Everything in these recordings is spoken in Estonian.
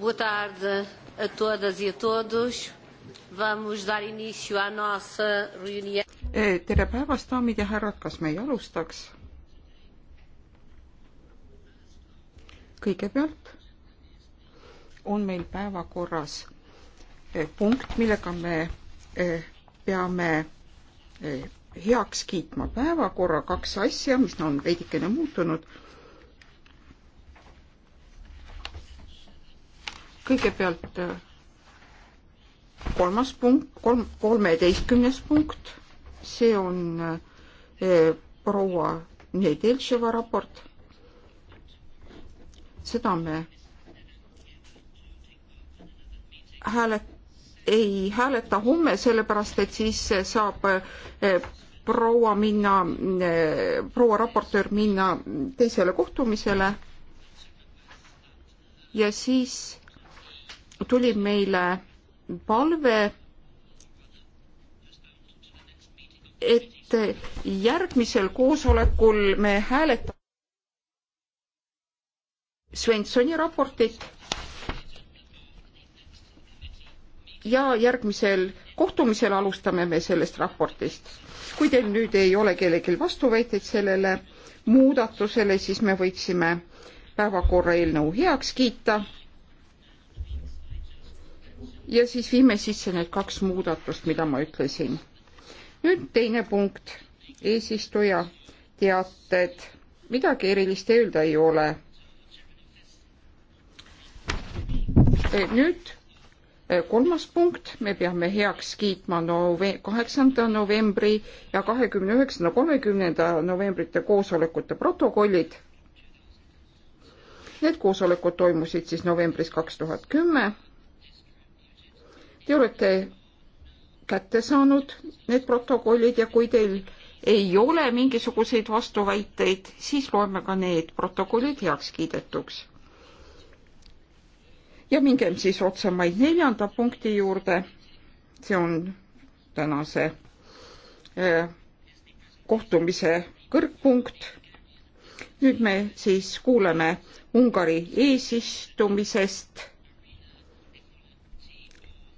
Boa tarde a todas e a todos. Vamos dar início à nossa reunião. E, tere päevast, daamid ja härrad, kas me ei alustaks? kõigepealt on meil päevakorras e, punkt, millega me e, peame heaks kiitma päevakorra kaks asja, mis on veidikene muutunud kõigepealt äh, kolmas punkt, kolm, kolmeteistkümnes punkt, see on äh, äh, proua Nedeltševa raport. seda me hääle, ei hääleta homme, sellepärast et siis saab proua minna, proua raportöör minna teisele kohtumisele ja siis tuli meile palve, et järgmisel koosolekul me hääletame Svensoni raportit ja järgmisel kohtumisel alustame me sellest raportist. kui teil nüüd ei ole kellelgi vastuväiteid sellele muudatusele, siis me võiksime päevakorra eelnõu heaks kiita ja siis viime sisse need kaks muudatust, mida ma ütlesin. nüüd teine punkt, eesistuja teated, midagi erilist öelda ei ole. E, nüüd e, kolmas punkt, me peame heaks kiitma nove-, kaheksanda novembri ja kahekümne üheksanda, kolmekümnenda novembrite koosolekute protokollid. Need koosolekud toimusid siis novembris kaks tuhat kümme Te olete kätte saanud need protokollid ja kui teil ei ole mingisuguseid vastuväiteid, siis loeme ka need protokollid heaks kiidetuks. ja mingem siis otsemaid neljanda punkti juurde. see on tänase äh, kohtumise kõrgpunkt. nüüd me siis kuuleme Ungari eesistumisest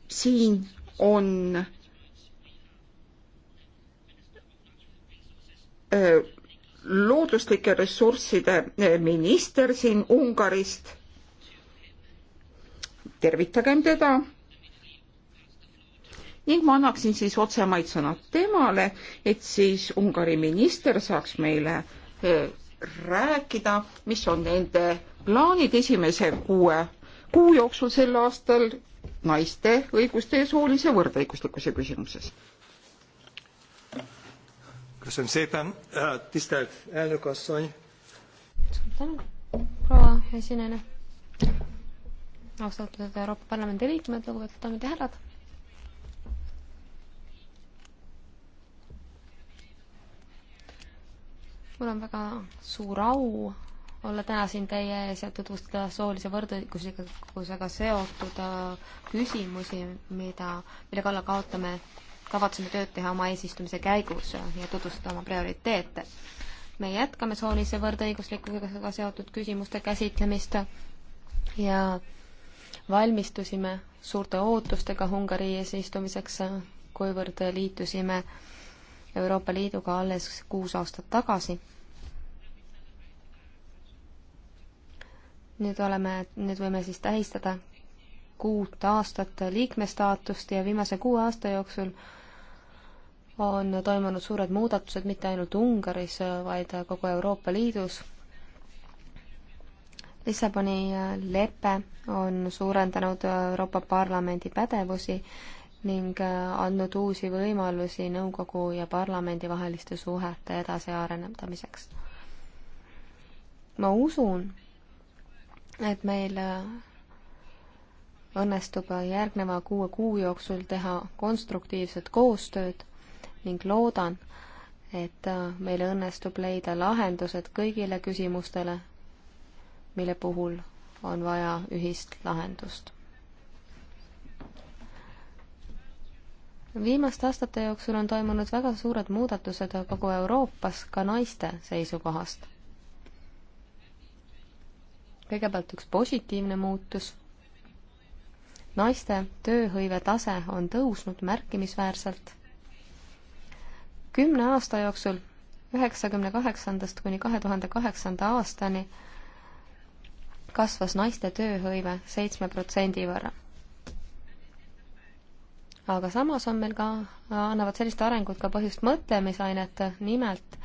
siin on looduslike ressursside minister siin Ungarist. tervitagem teda. ning ma annaksin siis otsemaid sõnad temale, et siis Ungari minister saaks meile rääkida, mis on nende plaanid esimese kuue kuu jooksul sel aastal naiste õiguste ja soolise võrdõiguslikkuse küsimuses. köszönöm szépen, tisztelt elnök asszony! suur tänu, proua esinejana! austatud Euroopa Parlamendi liikmed, lugupeetud daamid ja härrad! mul on väga suur au olla täna siin teie ees ja tutvustada soolise võrdõiguslikkusega seotud äh, küsimusi, mida, mille kallal kaotame, kavatseme tööd teha oma eesistumise käigus ja tutvustada oma prioriteete. me jätkame soolise võrdõiguslikkusega seotud küsimuste käsitlemist ja valmistusime suurte ootustega Ungari eesistumiseks, kuivõrd liitusime Euroopa Liiduga alles kuus aastat tagasi nüüd oleme, nüüd võime siis tähistada kuut aastat liikmestaatust ja viimase kuue aasta jooksul on toimunud suured muudatused mitte ainult Ungaris, vaid kogu Euroopa Liidus. Lissaboni äh, lepe on suurendanud Euroopa Parlamendi pädevusi ning äh, andnud uusi võimalusi nõukogu ja parlamendi vaheliste suhete edasiarendamiseks. ma usun, et meil äh, õnnestub järgneva kuue kuu jooksul teha konstruktiivset koostööd ning loodan, et äh, meil õnnestub leida lahendused kõigile küsimustele, mille puhul on vaja ühist lahendust. viimaste aastate jooksul on toimunud väga suured muudatused kogu Euroopas ka naiste seisukohast kõigepealt üks positiivne muutus. naiste tööhõive tase on tõusnud märkimisväärselt. kümne aasta jooksul, üheksakümne kaheksandast kuni kahe tuhande kaheksanda aastani, kasvas naiste tööhõive seitsme protsendi võrra. aga samas on meil ka, annavad sellist arengut ka põhjust mõtlemisainet, nimelt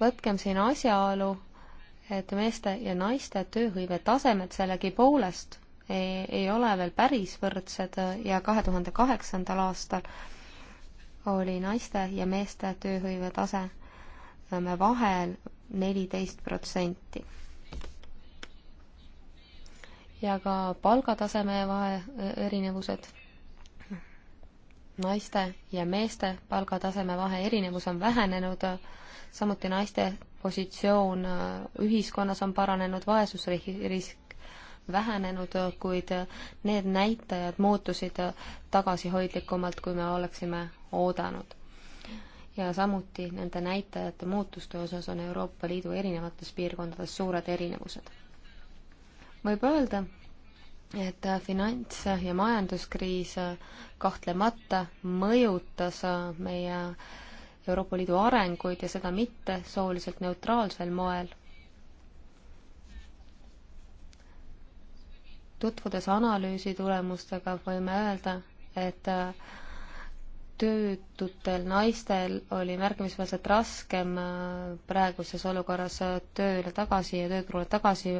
võtkem siin asjaolu, et meeste ja naiste tööhõive tasemed sellegipoolest ei, ei ole veel päris võrdsed ja kahe tuhande kaheksandal aastal oli naiste ja meeste tööhõive tase vahel neliteist protsenti. ja ka palgataseme vahe e, erinevused, naiste ja meeste palgataseme vahe erinevus on vähenenud, samuti naiste positsioon äh, ühiskonnas on paranenud, vaesusrisk vähenenud, äh, kuid äh, need näitajad muutusid tagasihoidlikumalt, kui me oleksime oodanud. ja samuti nende näitajate muutuste osas on Euroopa Liidu erinevates piirkondades suured erinevused. võib öelda, et finants- ja majanduskriis kahtlemata mõjutas meie Euroopa Liidu arenguid ja seda mitte sooliselt neutraalsel moel. tutvudes analüüsi tulemustega, võime öelda, et äh, töötutel naistel oli märkimisväärselt raskem äh, praeguses olukorras äh, tööle tagasi ja tööturule tagasi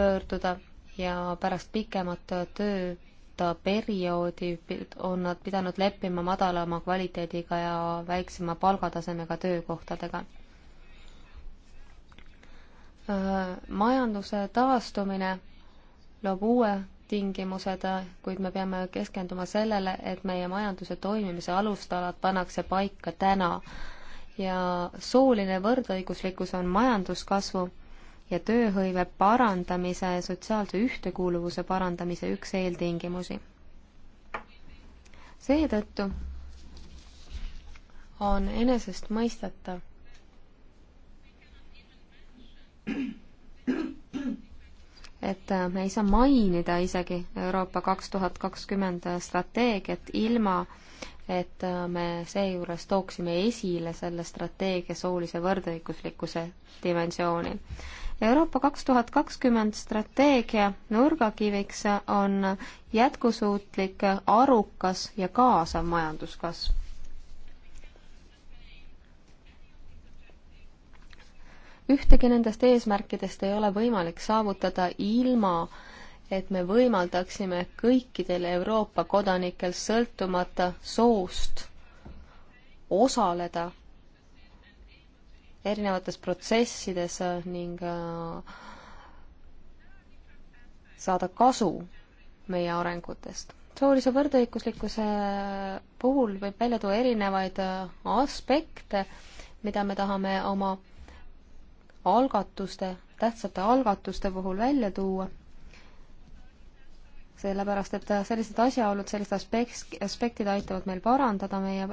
pöörduda ja pärast pikemat töö vaadata perioodi, on nad pidanud leppima madalama kvaliteediga ja väiksema palgatasemega töökohtadega. Majanduse taastumine loob uue tingimused, kuid me peame keskenduma sellele, et meie majanduse toimimise alustalad pannakse paika täna. ja sooline võrdõiguslikkus on majanduskasvu ja tööhõive parandamise, sotsiaalse ühtekuuluvuse parandamise üks eeltingimusi. seetõttu on enesestmõistetav, et me ei saa mainida isegi Euroopa kaks tuhat kakskümmend strateegiat ilma, et me seejuures tooksime esile selle strateegia soolise võrdõiguslikkuse dimensiooni. Euroopa kaks tuhat kakskümmend strateegia nurgakiviks on jätkusuutlik, arukas ja kaasav majanduskasv. ühtegi nendest eesmärkidest ei ole võimalik saavutada ilma, et me võimaldaksime kõikidel Euroopa kodanikel sõltumata soost osaleda erinevates protsessides äh, ning äh, saada kasu meie arengutest. soolise võrdõiguslikkuse puhul võib välja tuua erinevaid äh, aspekte, mida me tahame oma algatuste, tähtsate algatuste puhul välja tuua sellepärast, et sellised asjaolud, sellised aspekt, aspektid aitavad meil parandada meie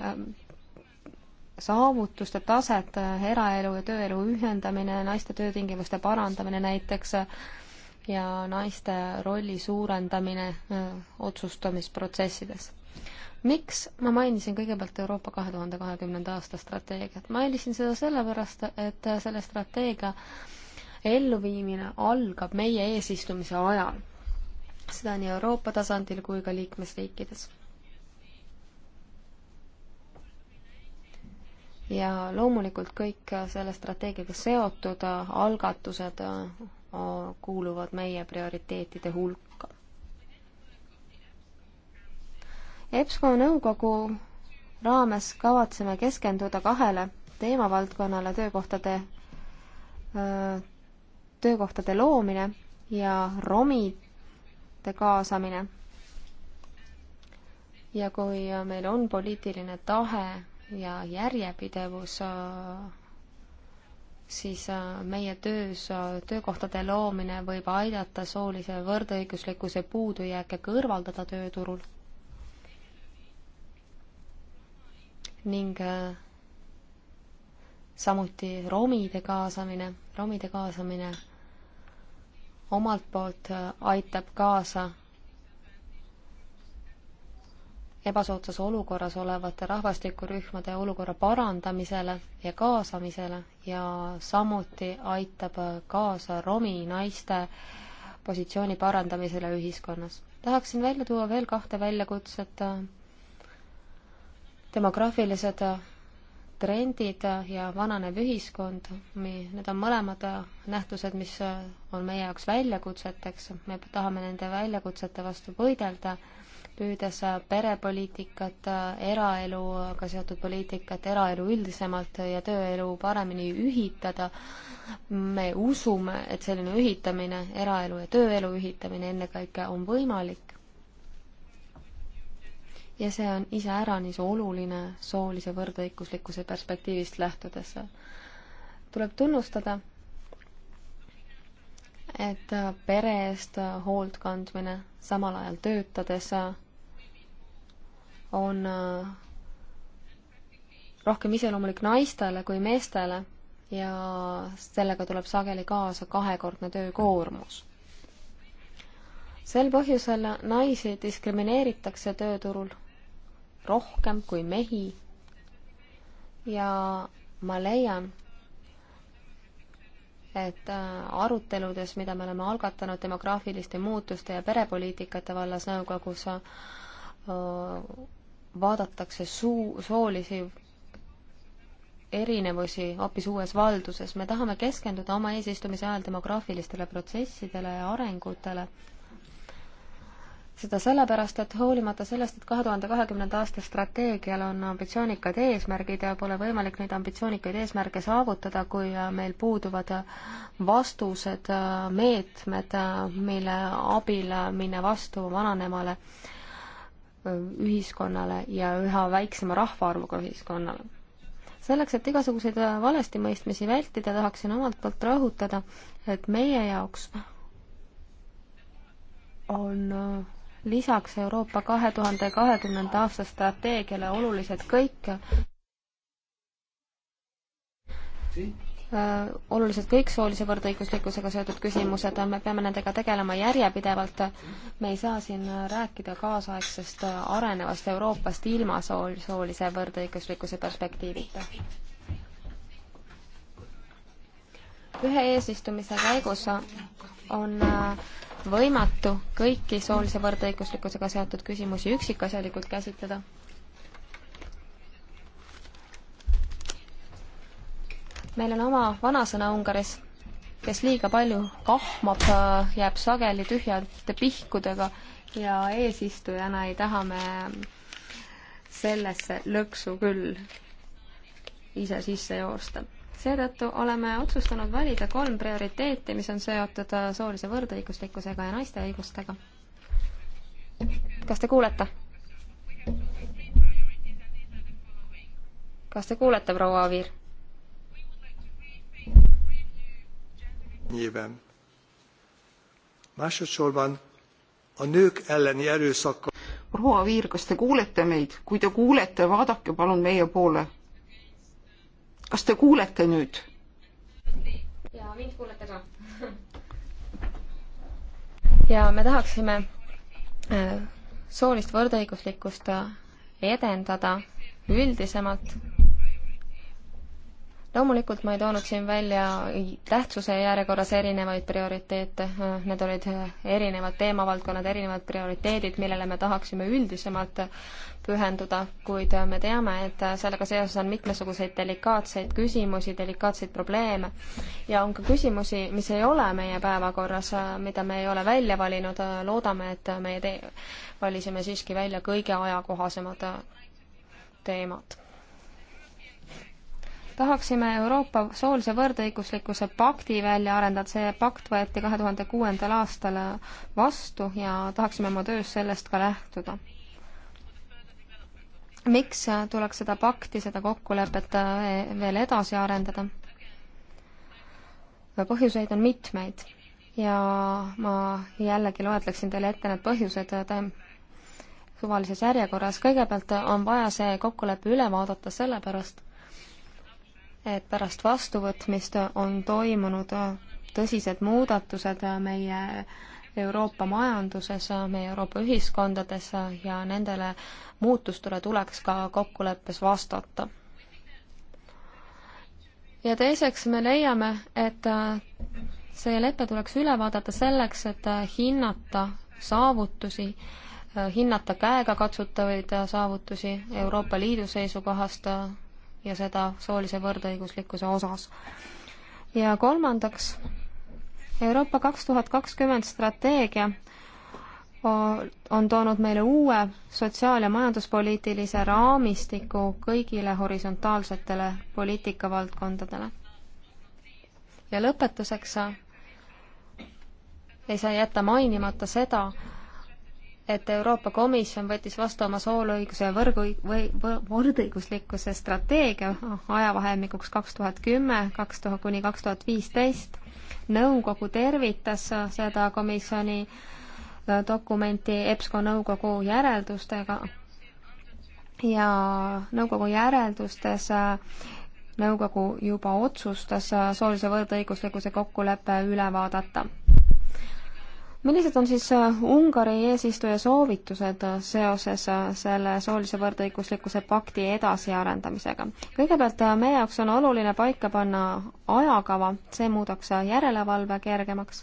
saavutuste taset, eraelu ja tööelu ühendamine, naiste töötingimuste parandamine näiteks ja naiste rolli suurendamine öö, otsustamisprotsessides. miks ma mainisin kõigepealt Euroopa kahe tuhande kahekümnenda aasta strateegiat? mainisin seda sellepärast, et selle strateegia elluviimine algab meie eesistumise ajal. seda nii Euroopa tasandil kui ka liikmesriikides ja loomulikult kõik selle strateegiaga seotud algatused äh, kuuluvad meie prioriteetide hulka. EBSCO nõukogu raames kavatseme keskenduda kahele teemavaldkonnale töökohtade, äh, töökohtade loomine ja romide kaasamine. ja kui meil on poliitiline tahe ja järjepidevus äh, siis äh, meie töös äh, töökohtade loomine võib aidata soolise võrdõiguslikkuse puudujääke kõrvaldada tööturul ning samuti romide kaasamine, romide kaasamine omalt poolt aitab kaasa ebasoodsas olukorras olevate rahvastikurühmade olukorra parandamisele ja kaasamisele ja samuti aitab kaasa romi naiste positsiooni parandamisele ühiskonnas. tahaksin välja tuua veel kahte väljakutset, demograafilised trendid ja vananev ühiskond, need on mõlemad nähtused, mis on meie jaoks väljakutseteks, me tahame nende väljakutsete vastu võidelda püüdes perepoliitikat, eraeluga seotud poliitikat, eraelu üldisemalt ja tööelu paremini ühitada. me usume, et selline ühitamine, eraelu ja tööelu ühitamine ennekõike on võimalik. ja see on iseäranis oluline soolise võrdõiguslikkuse perspektiivist lähtudes. tuleb tunnustada, et pere eest hoolt kandmine samal ajal töötades on äh, rohkem iseloomulik naistele kui meestele ja sellega tuleb sageli kaasa kahekordne töökoormus. sel põhjusel naisi diskrimineeritakse tööturul rohkem kui mehi ja ma leian, et äh, aruteludes, mida me oleme algatanud demograafiliste muutuste ja perepoliitikate vallas nõukogus, äh, vaadatakse suu, soolisi erinevusi hoopis uues valduses. me tahame keskenduda oma eesistumise ajal demograafilistele protsessidele ja arengutele. seda sellepärast, et hoolimata sellest, et kahe tuhande kahekümnenda aasta strateegial on ambitsioonikad eesmärgid ja pole võimalik neid ambitsioonikaid eesmärke saavutada, kui meil puuduvad vastused, meetmed, mille abil minna vastu vananemale äh, ühiskonnale ja üha väiksema rahvaarvuga ühiskonnale. selleks, et igasuguseid valestimõistmisi vältida, tahaksin omalt poolt rõhutada, et meie jaoks on lisaks Euroopa kahe tuhande kahekümnenda aasta strateegiale olulised kõik Äh, olulised kõik soolise võrdõiguslikkusega seotud küsimused, me peame nendega tegelema järjepidevalt. me ei saa siin rääkida kaasaegsest arenevast Euroopast ilma sool-, soolise võrdõiguslikkuse perspektiivita. ühe eesistumise käigus on äh, võimatu kõiki soolise võrdõiguslikkusega seotud küsimusi üksikasjalikult käsitleda meil on oma vanasõna Ungaris, kes liiga palju kahmab, äh, jääb sageli tühjade pihkudega ja eesistujana ei taha me sellesse lõksu küll ise sisse joosta. seetõttu oleme otsustanud valida kolm prioriteeti, mis on seotud äh, soolise võrdõiguslikkusega ja naiste õigustega. kas te kuulete? kas te kuulete, proua Aavir? nyilván. Másodszorban a nők elleni erőszakkal proua Viir, kas te kuulete meid? kui te kuulete, vaadake palun meie poole. kas te kuulete nüüd? ja mind kuulete ka ja me tahaksime äh, soolist võrdõiguslikkust äh, edendada üldisemalt loomulikult ma ei toonud siin välja tähtsuse järjekorras erinevaid prioriteete, need olid erinevad teemavaldkonnad, erinevad prioriteedid, millele me tahaksime üldisemalt pühenduda, kuid me teame, et sellega seoses on mitmesuguseid delikaatseid küsimusi, delikaatseid probleeme ja on ka küsimusi, mis ei ole meie päevakorras, mida me ei ole välja valinud, loodame, et meie te-, valisime siiski välja kõige ajakohasemad teemad tahaksime Euroopa soolise võrdõiguslikkuse pakti välja arendada, see pakt võeti kahe tuhande kuuendal aastal vastu ja tahaksime oma töös sellest ka lähtuda. miks tuleks seda pakti, seda kokkulepet eh, veel edasi arendada? põhjuseid on mitmeid ja ma jällegi loetleksin teile ette need põhjused, eh, suvalises järjekorras. kõigepealt on vaja see kokkulepe üle vaadata sellepärast, et pärast vastuvõtmist on toimunud tõsised muudatused meie Euroopa majanduses, meie Euroopa ühiskondades ja nendele muutustele tuleks ka kokkuleppes vastata. ja teiseks me leiame, et see lepe tuleks üle vaadata selleks, et hinnata saavutusi, hinnata käegakatsutavaid saavutusi Euroopa Liidu seisukohast ja seda soolise võrdõiguslikkuse osas. ja kolmandaks, Euroopa kaks tuhat kakskümmend strateegia on toonud meile uue sotsiaal- ja majanduspoliitilise raamistiku kõigile horisontaalsetele poliitikavaldkondadele. ja lõpetuseks ei saa jätta mainimata seda, et Euroopa Komisjon võttis vastu oma soolõiguse võrgu või võrdõiguslikkuse strateegia ajavahemikuks kaks tuhat kümme, kaks tuhat kuni kaks tuhat viisteist. nõukogu tervitas seda komisjoni äh, dokumenti EBSCO nõukogu järeldustega ja nõukogu järeldustes äh, nõukogu juba otsustas äh, soolise võrdõiguslikkuse kokkuleppe üle vaadata millised on siis äh, Ungari eesistuja soovitused äh, seoses äh, selle soolise võrdõiguslikkuse pakti edasiarendamisega? kõigepealt meie jaoks on oluline paika panna ajakava, see muudaks järelevalve kergemaks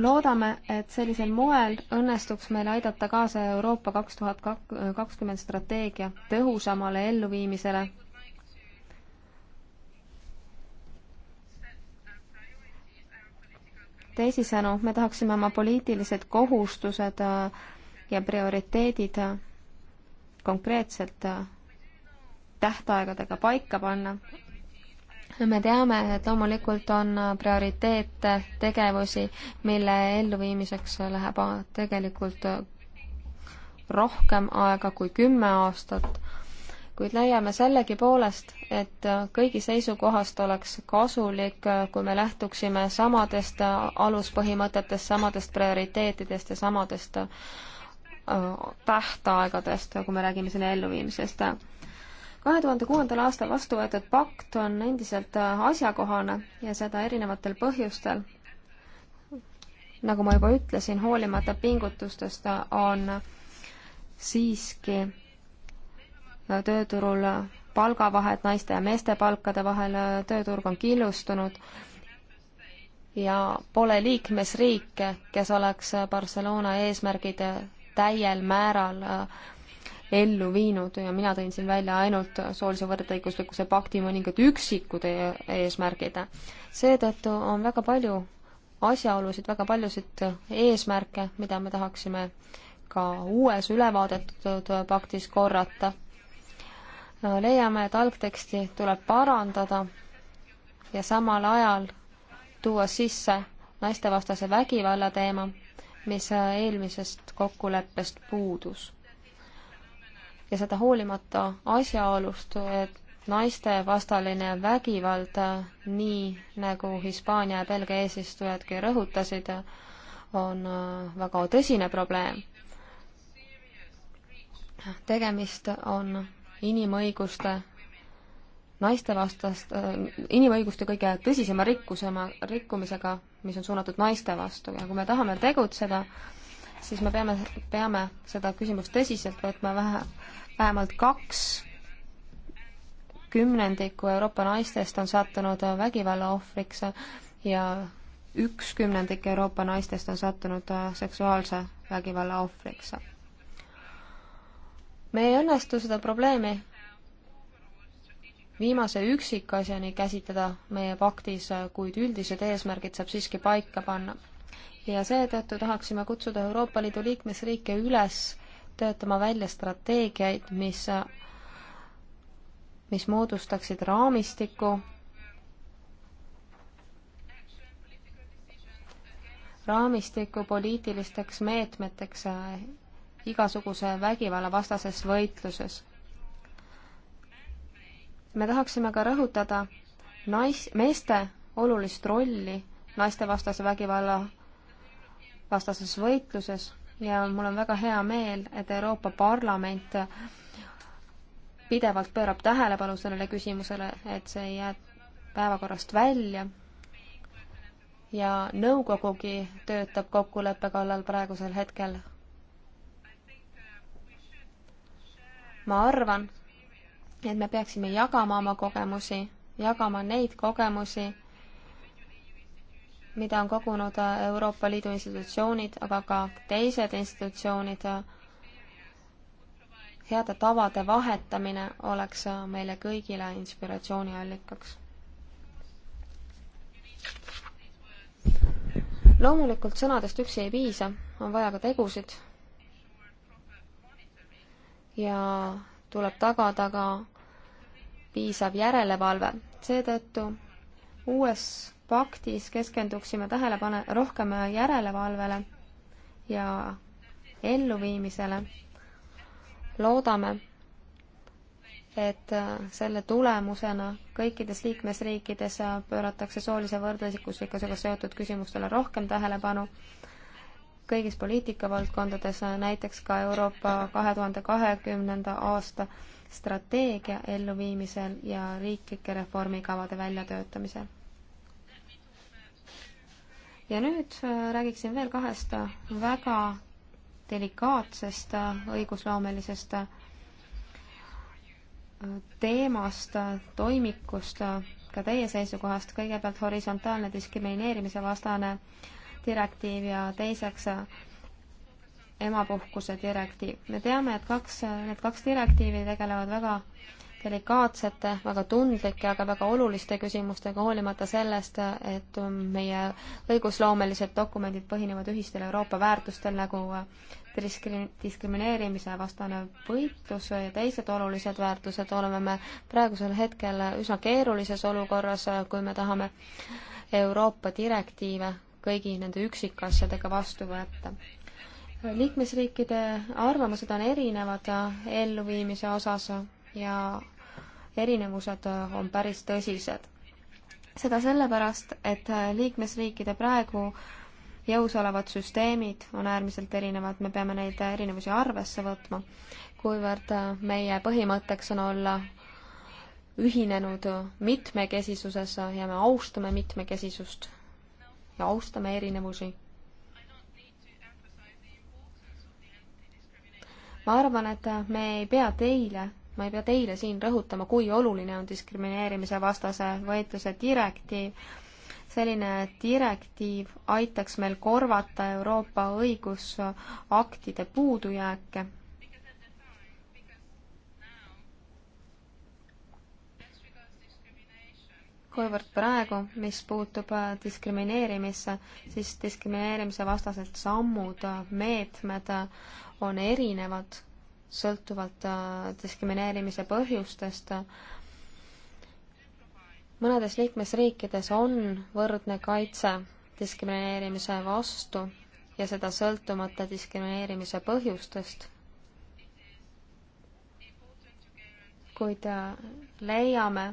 loodame, et sellisel moel õnnestuks meil aidata kaasa Euroopa kaks tuhat kakskümmend strateegia tõhusamale elluviimisele teisisõnu, me tahaksime oma poliitilised kohustused äh, ja prioriteedid äh, konkreetselt äh, tähtaegadega paika panna. me teame, et loomulikult on prioriteete, tegevusi, mille elluviimiseks läheb tegelikult rohkem aega kui kümme aastat kuid leiame sellegipoolest, et kõigi seisukohast oleks kasulik, kui me lähtuksime samadest aluspõhimõtetest, samadest prioriteetidest ja samadest äh, tähtaegadest, kui me räägime selle elluviimisest. kahe tuhande kuuendal aastal vastu võetud pakt on endiselt asjakohane ja seda erinevatel põhjustel. nagu ma juba ütlesin, hoolimata pingutustest on siiski tööturul palgavahed naiste ja meeste palkade vahel, tööturg on killustunud ja pole liikmesriike, kes oleks Barcelona eesmärgid täiel määral äh, ellu viinud ja mina tõin siin välja ainult soolise võrdõiguslikkuse pakti mõningad üksikud e-, eesmärgid. seetõttu on väga palju asjaolusid, väga paljusid eesmärke, mida me tahaksime ka uues ülevaadetud paktis korrata leiame, et algteksti tuleb parandada ja samal ajal tuua sisse naistevastase vägivalla teema, mis eelmisest kokkuleppest puudus. ja seda hoolimata asjaolust, et naistevastaline vägivald, nii nagu Hispaania ja Belgia eesistujadki rõhutasid, on väga tõsine probleem. tegemist on inimõiguste naistevastast, äh, inimõiguste kõige tõsisema rikkusema, rikkumisega, mis on suunatud naiste vastu ja kui me tahame tegutseda, siis me peame, peame seda küsimust tõsiselt võtma vähe, vähemalt kaks kümnendikku Euroopa naistest on sattunud vägivalla ohvriks ja üks kümnendik Euroopa naistest on sattunud seksuaalse vägivalla ohvriks me ei õnnestu seda probleemi viimase üksikasjani käsitleda meie paktis, kuid üldised eesmärgid saab siiski paika panna. ja seetõttu tahaksime kutsuda Euroopa Liidu liikmesriike üles töötama välja strateegiaid, mis, mis moodustaksid raamistiku, raamistiku poliitilisteks meetmeteks igasuguse vägivalla vastases võitluses. me tahaksime ka rõhutada nais-, meeste olulist rolli naistevastase vägivalla vastases võitluses ja mul on väga hea meel, et Euroopa Parlament pidevalt pöörab tähelepanu sellele küsimusele, et see ei jää päevakorrast välja ja nõukogugi töötab kokkuleppe kallal praegusel hetkel ma arvan, et me peaksime jagama oma kogemusi, jagama neid kogemusi, mida on kogunud Euroopa Liidu institutsioonid, aga ka teised institutsioonid. heade tavade vahetamine oleks meile kõigile inspiratsiooniallikaks. loomulikult sõnadest üksi ei piisa, on vaja ka tegusid ja tuleb tagada ka piisav järelevalve. seetõttu uues paktis keskenduksime tähelepane rohkem järelevalvele ja elluviimisele. loodame, et selle tulemusena kõikides liikmesriikides pööratakse soolise võrdõiguslikkusega seotud küsimustele rohkem tähelepanu kõigis poliitikavaldkondades, näiteks ka Euroopa kahe tuhande kahekümnenda aasta strateegia elluviimisel ja riiklike reformikavade väljatöötamisel. ja nüüd äh, räägiksin veel kahest väga delikaatsest äh, õigusloomelisest äh, teemast, toimikust, ka teie seisukohast, kõigepealt horisontaalne diskrimineerimise vastane äh, direktiiv ja teiseks äh, emapuhkuse direktiiv. me teame, et kaks, äh, need kaks direktiivi tegelevad väga delikaatsete, väga tundlike, aga väga oluliste küsimustega, hoolimata sellest, äh, et meie õigusloomelised dokumendid põhinevad ühistel Euroopa väärtustel nagu diskri-, diskrimineerimise vastane võitlus ja teised olulised väärtused, oleme me praegusel hetkel üsna keerulises olukorras, kui me tahame Euroopa direktiive kõigi nende üksikasjadega vastu võtta. liikmesriikide arvamused on erinevad elluviimise osas ja erinevused on päris tõsised. seda sellepärast, et liikmesriikide praegu jõus olevad süsteemid on äärmiselt erinevad, me peame neid erinevusi arvesse võtma, kuivõrd meie põhimõtteks on olla ühinenud mitmekesisuses ja me austame mitmekesisust ja austame erinevusi. ma arvan, et me ei pea teile, ma ei pea teile siin rõhutama, kui oluline on diskrimineerimise vastase võitluse direktiiv. selline direktiiv aitaks meil korvata Euroopa õigusaktide puudujääke kuivõrd praegu, mis puutub äh, diskrimineerimisse, siis diskrimineerimise vastased sammud, äh, meetmed äh, on erinevad sõltuvalt diskrimineerimise põhjustest. mõnedes liikmesriikides on võrdne kaitse diskrimineerimise vastu ja seda sõltumata diskrimineerimise põhjustest. kuid leiame,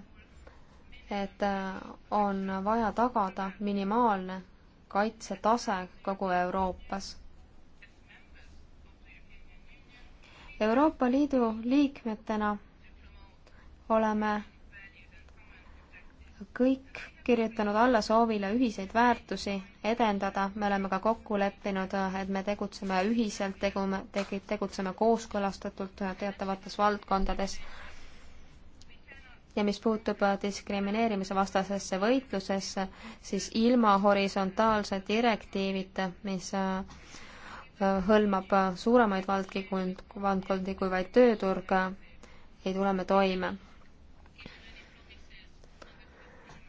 et äh, on vaja tagada minimaalne kaitsetase kogu Euroopas Euroopa Liidu liikmetena oleme kõik kirjutanud alla soovile ühiseid väärtusi edendada, me oleme ka kokku leppinud, et me tegutseme ühiselt, tegume, tegutseme kooskõlastatult teatavates valdkondades ja mis puutub äh, diskrimineerimise vastasesse võitlusesse, siis ilma horisontaalse direktiivita, mis äh, äh, hõlmab suuremaid valdkond, valdkondi kui vaid tööturg, ei tule me toime.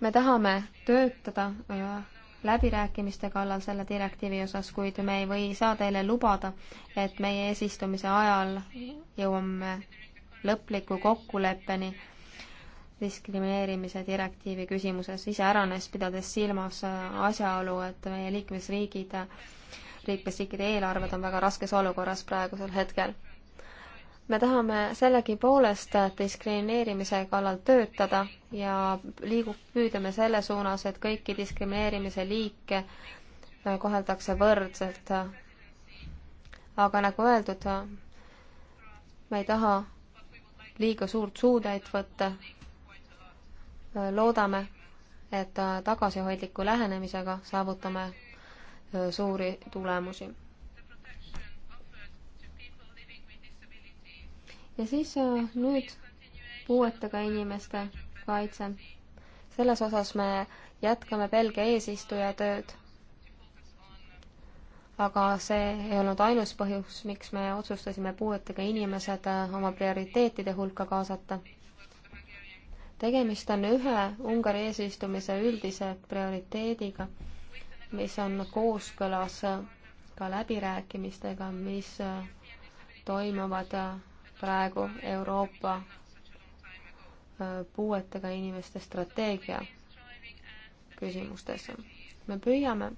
me tahame töötada läbirääkimiste kallal selle direktiivi osas, kuid me ei või saa teile lubada, et meie eesistumise ajal jõuame lõpliku kokkuleppeni diskrimineerimise direktiivi küsimuses iseäranes, pidades silmas äh, asjaolu, et meie liikmesriigid, liikmesriikide eelarved on väga raskes olukorras praegusel hetkel. me tahame sellegipoolest diskrimineerimise kallal töötada ja liigu-, püüdleme selle suunas, et kõiki diskrimineerimise liike äh, koheldakse võrdselt. aga nagu öeldud, me ei taha liiga suurt suutäit võtta, loodame, et tagasihoidliku lähenemisega saavutame suuri tulemusi. ja siis nüüd puuetega inimeste kaitse. selles osas me jätkame Belgia eesistuja tööd. aga see ei olnud ainus põhjus, miks me otsustasime puuetega inimesed oma prioriteetide hulka kaasata tegemist on ühe Ungari eesistumise üldise prioriteediga, mis on kooskõlas ka läbirääkimistega, mis toimuvad praegu Euroopa äh, puuetega inimeste strateegia küsimustes. me püüame,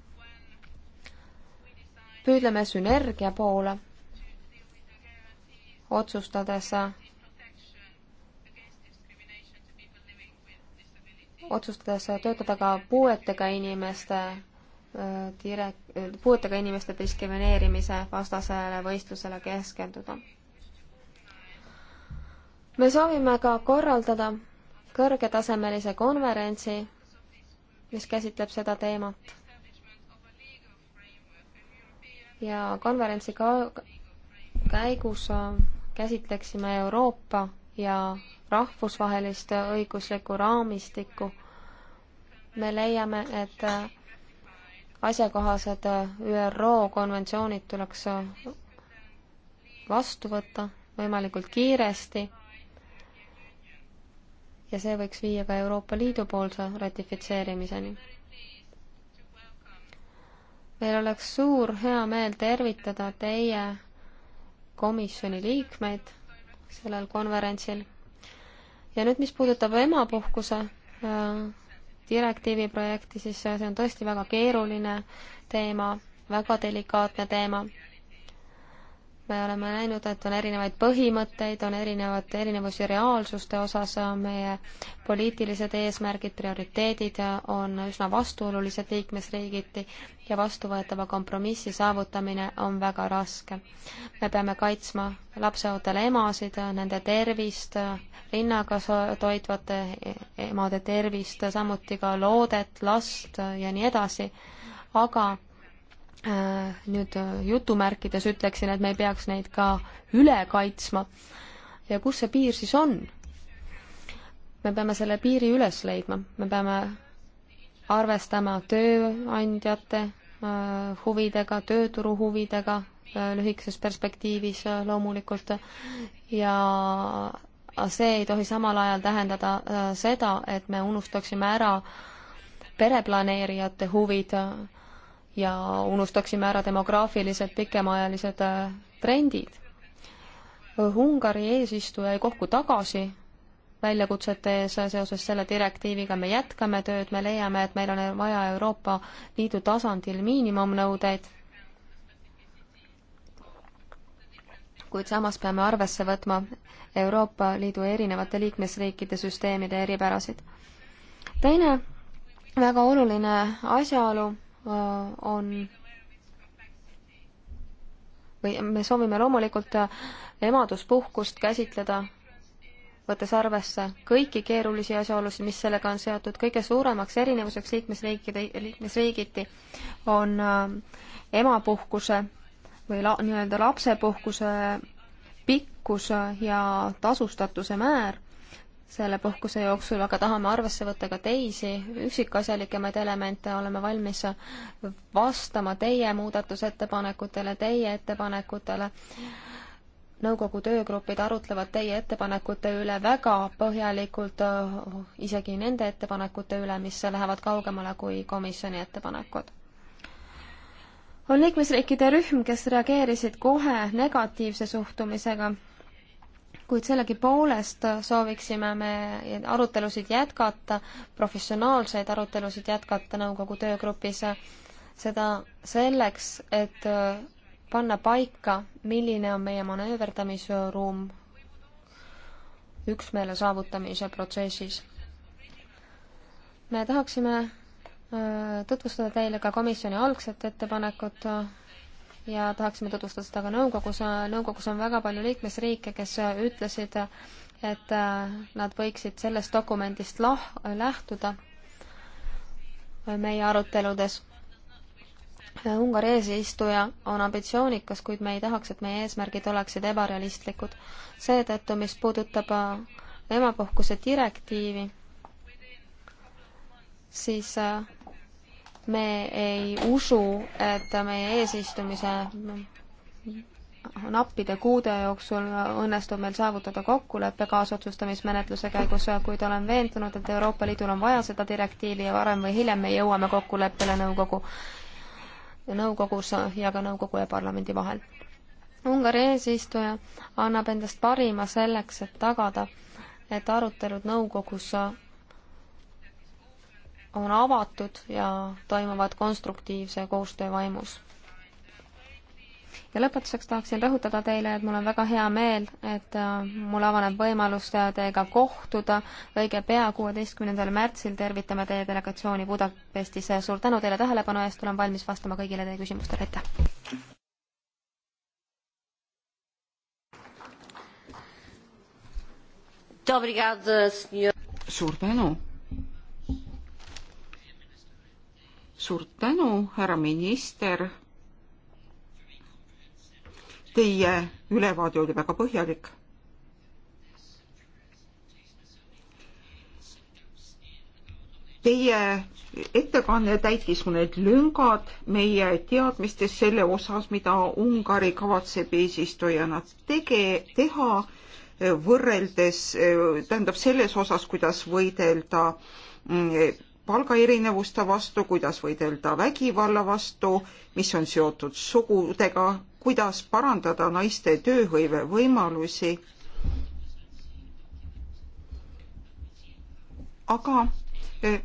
püüdleme sünergia poole, otsustades otsustades töötada ka puuetega inimeste äh, direk-, puuetega inimeste diskrimineerimise vastasele võistlusele keskenduda. me soovime ka korraldada kõrgetasemelise konverentsi, mis käsitleb seda teemat. ja konverentsi ka-, käigus äh, käsitleksime Euroopa ja rahvusvahelist õiguslikku raamistikku. me leiame, et asjakohased ÜRO konventsioonid tuleks vastu võtta võimalikult kiiresti ja see võiks viia ka Euroopa Liidu poolse ratifitseerimiseni. meil oleks suur hea meel tervitada teie komisjoni liikmeid sellel konverentsil ja nüüd, mis puudutab emapuhkuse äh, direktiivi projekti, siis äh, see on tõesti väga keeruline teema, väga delikaatne teema. me oleme näinud, et on erinevaid põhimõtteid, on erinevad, erinevusi reaalsuste osas, äh, meie poliitilised eesmärgid, prioriteedid on üsna vastuolulised liikmesriigiti ja vastuvõetava kompromissi saavutamine on väga raske. me peame kaitsma lapseootele emasid, nende tervist, rinnaga toitvate emade tervist, samuti ka loodet, last ja nii edasi, aga äh, nüüd jutumärkides ütleksin, et me ei peaks neid ka üle kaitsma. ja kus see piir siis on? me peame selle piiri üles leidma, me peame arvestama tööandjate Äh, huvidega, tööturu huvidega äh, lühikeses perspektiivis äh, loomulikult ja see ei tohi samal ajal tähendada seda, et me unustaksime ära pereplaneerijate huvid ja unustaksime ära demograafilised pikemaajalised trendid. Ungari eesistuja jäi kokku tagasi väljakutsete ees seoses selle direktiiviga, me jätkame tööd, me leiame, et meil on vaja Euroopa Liidu tasandil miinimumnõudeid, kuid samas peame arvesse võtma Euroopa Liidu erinevate liikmesriikide süsteemide eripärasid. teine väga oluline asjaolu äh, on või me soovime loomulikult äh, emaduspuhkust käsitleda võttes arvesse kõiki keerulisi asjaolusid, mis sellega on seotud, kõige suuremaks erinevuseks liikmesriikide, liikmesriigiti on äh, emapuhkuse või la, nii-öelda lapsepuhkuse pikkus ja tasustatuse määr selle puhkuse jooksul, aga tahame arvesse võtta ka teisi üksikasjalikemaid elemente, oleme valmis vastama teie muudatusettepanekutele, teie ettepanekutele nõukogu töögrupid arutlevad teie ettepanekute üle väga põhjalikult, äh, isegi nende ettepanekute üle, mis lähevad kaugemale kui komisjoni ettepanekud. on liikmesriikide rühm, kes reageerisid kohe negatiivse suhtumisega, kuid sellegipoolest sooviksime me arutelusid jätkata, professionaalseid arutelusid jätkata nõukogu töögrupis, seda selleks, et panna paika, milline on meie manööverdamisruum üksmeele saavutamise protsessis. me tahaksime äh, tutvustada teile ka komisjoni algset ettepanekut äh, ja tahaksime tutvustada seda ka nõukogus. Äh, nõukogus on väga palju liikmesriike, kes ütlesid, et nad võiksid sellest dokumendist lah-, lähtuda meie aruteludes Ungari eesistuja on ambitsioonikas, kuid me ei tahaks, et meie eesmärgid oleksid ebarealistlikud. seetõttu, mis puudutab äh, emapuhkuse direktiivi, siis äh, me ei usu, et meie eesistumise äh, nappide kuude jooksul õnnestub meil saavutada kokkulepe kaasotsustamismenetluse käigus, kuid olen veendunud, et Euroopa Liidul on vaja seda direktiivi ja varem või hiljem me jõuame kokkuleppele nõukogu nõukogus ja ka nõukogu ja parlamendi vahel. Ungari eesistuja annab endast parima selleks, et tagada, et arutelud nõukogus on avatud ja toimuvad konstruktiivse koostöö vaimus ja lõpetuseks tahaksin rõhutada teile, et mul on väga hea meel, et äh, mul avaneb võimalus äh, teiega kohtuda õige pea, kuueteistkümnendal märtsil tervitame teie delegatsiooni Budapestis. suur tänu teile tähelepanu eest, olen valmis vastama kõigile teie küsimustele, aitäh! suur tänu! suur tänu, härra minister! Teie ülevaade oli väga põhjalik. Teie ettekanne täitis mõned lüngad meie teadmistes selle osas, mida Ungari kavatseb eesistujana tege-, teha võrreldes, tähendab selles osas, kuidas võidelda mm, palgaerinevuste vastu, kuidas võidelda vägivalla vastu, mis on seotud sugudega, kuidas parandada naiste tööhõive võimalusi. aga eh,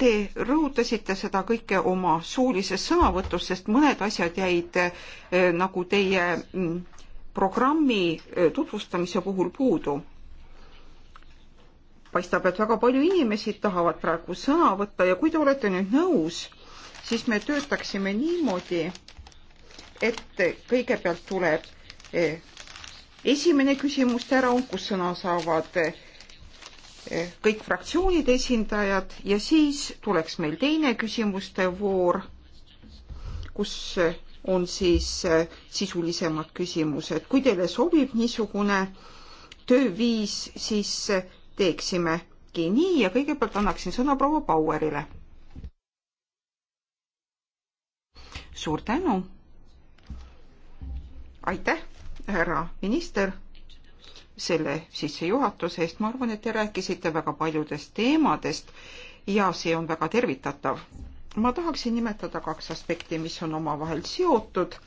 te rõhutasite seda kõike oma suulises sõnavõtus, sest mõned asjad jäid eh, nagu teie mm, programmi eh, tutvustamise puhul puudu. paistab, et väga palju inimesi tahavad praegu sõna võtta ja kui te olete nüüd nõus, siis me töötaksime niimoodi, et kõigepealt tuleb eh, esimene küsimuste raund, kus sõna saavad eh, kõik fraktsioonide esindajad ja siis tuleks meil teine küsimuste voor, kus eh, on siis sisulisemad küsimused. kui teile sobib niisugune tööviis, siis teeksimegi nii ja kõigepealt annaksin sõna proua Bauerile. suur tänu aitäh, härra minister, selle sissejuhatuse eest. ma arvan, et te rääkisite väga paljudest teemadest ja see on väga tervitatav. ma tahaksin nimetada kaks aspekti, mis on omavahel seotud.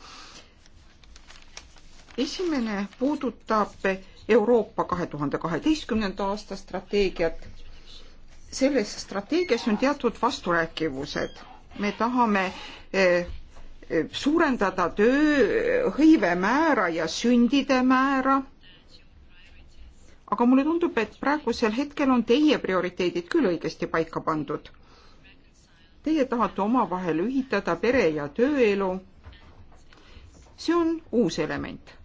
esimene puudutab Euroopa kahe tuhande kaheteistkümnenda aasta strateegiat. selles strateegias on teatud vasturääkivused. me tahame eh, suurendada tööhõive määra ja sündide määra. aga mulle tundub, et praegusel hetkel on teie prioriteedid küll õigesti paika pandud. Teie tahate omavahel ühitada pere ja tööelu. see on uus element.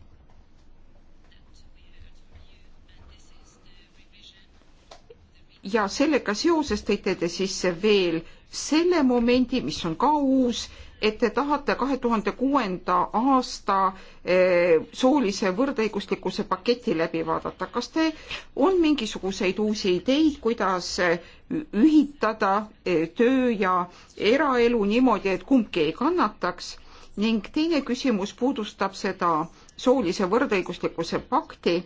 ja sellega seoses tõite te sisse veel selle momendi, mis on ka uus et te tahate kahe tuhande kuuenda aasta eh, soolise võrdõiguslikkuse paketi läbi vaadata. kas te, on mingisuguseid uusi ideid, kuidas eh, ühitada eh, töö ja eraelu niimoodi, et kumbki ei kannataks? ning teine küsimus puudustab seda soolise võrdõiguslikkuse pakti.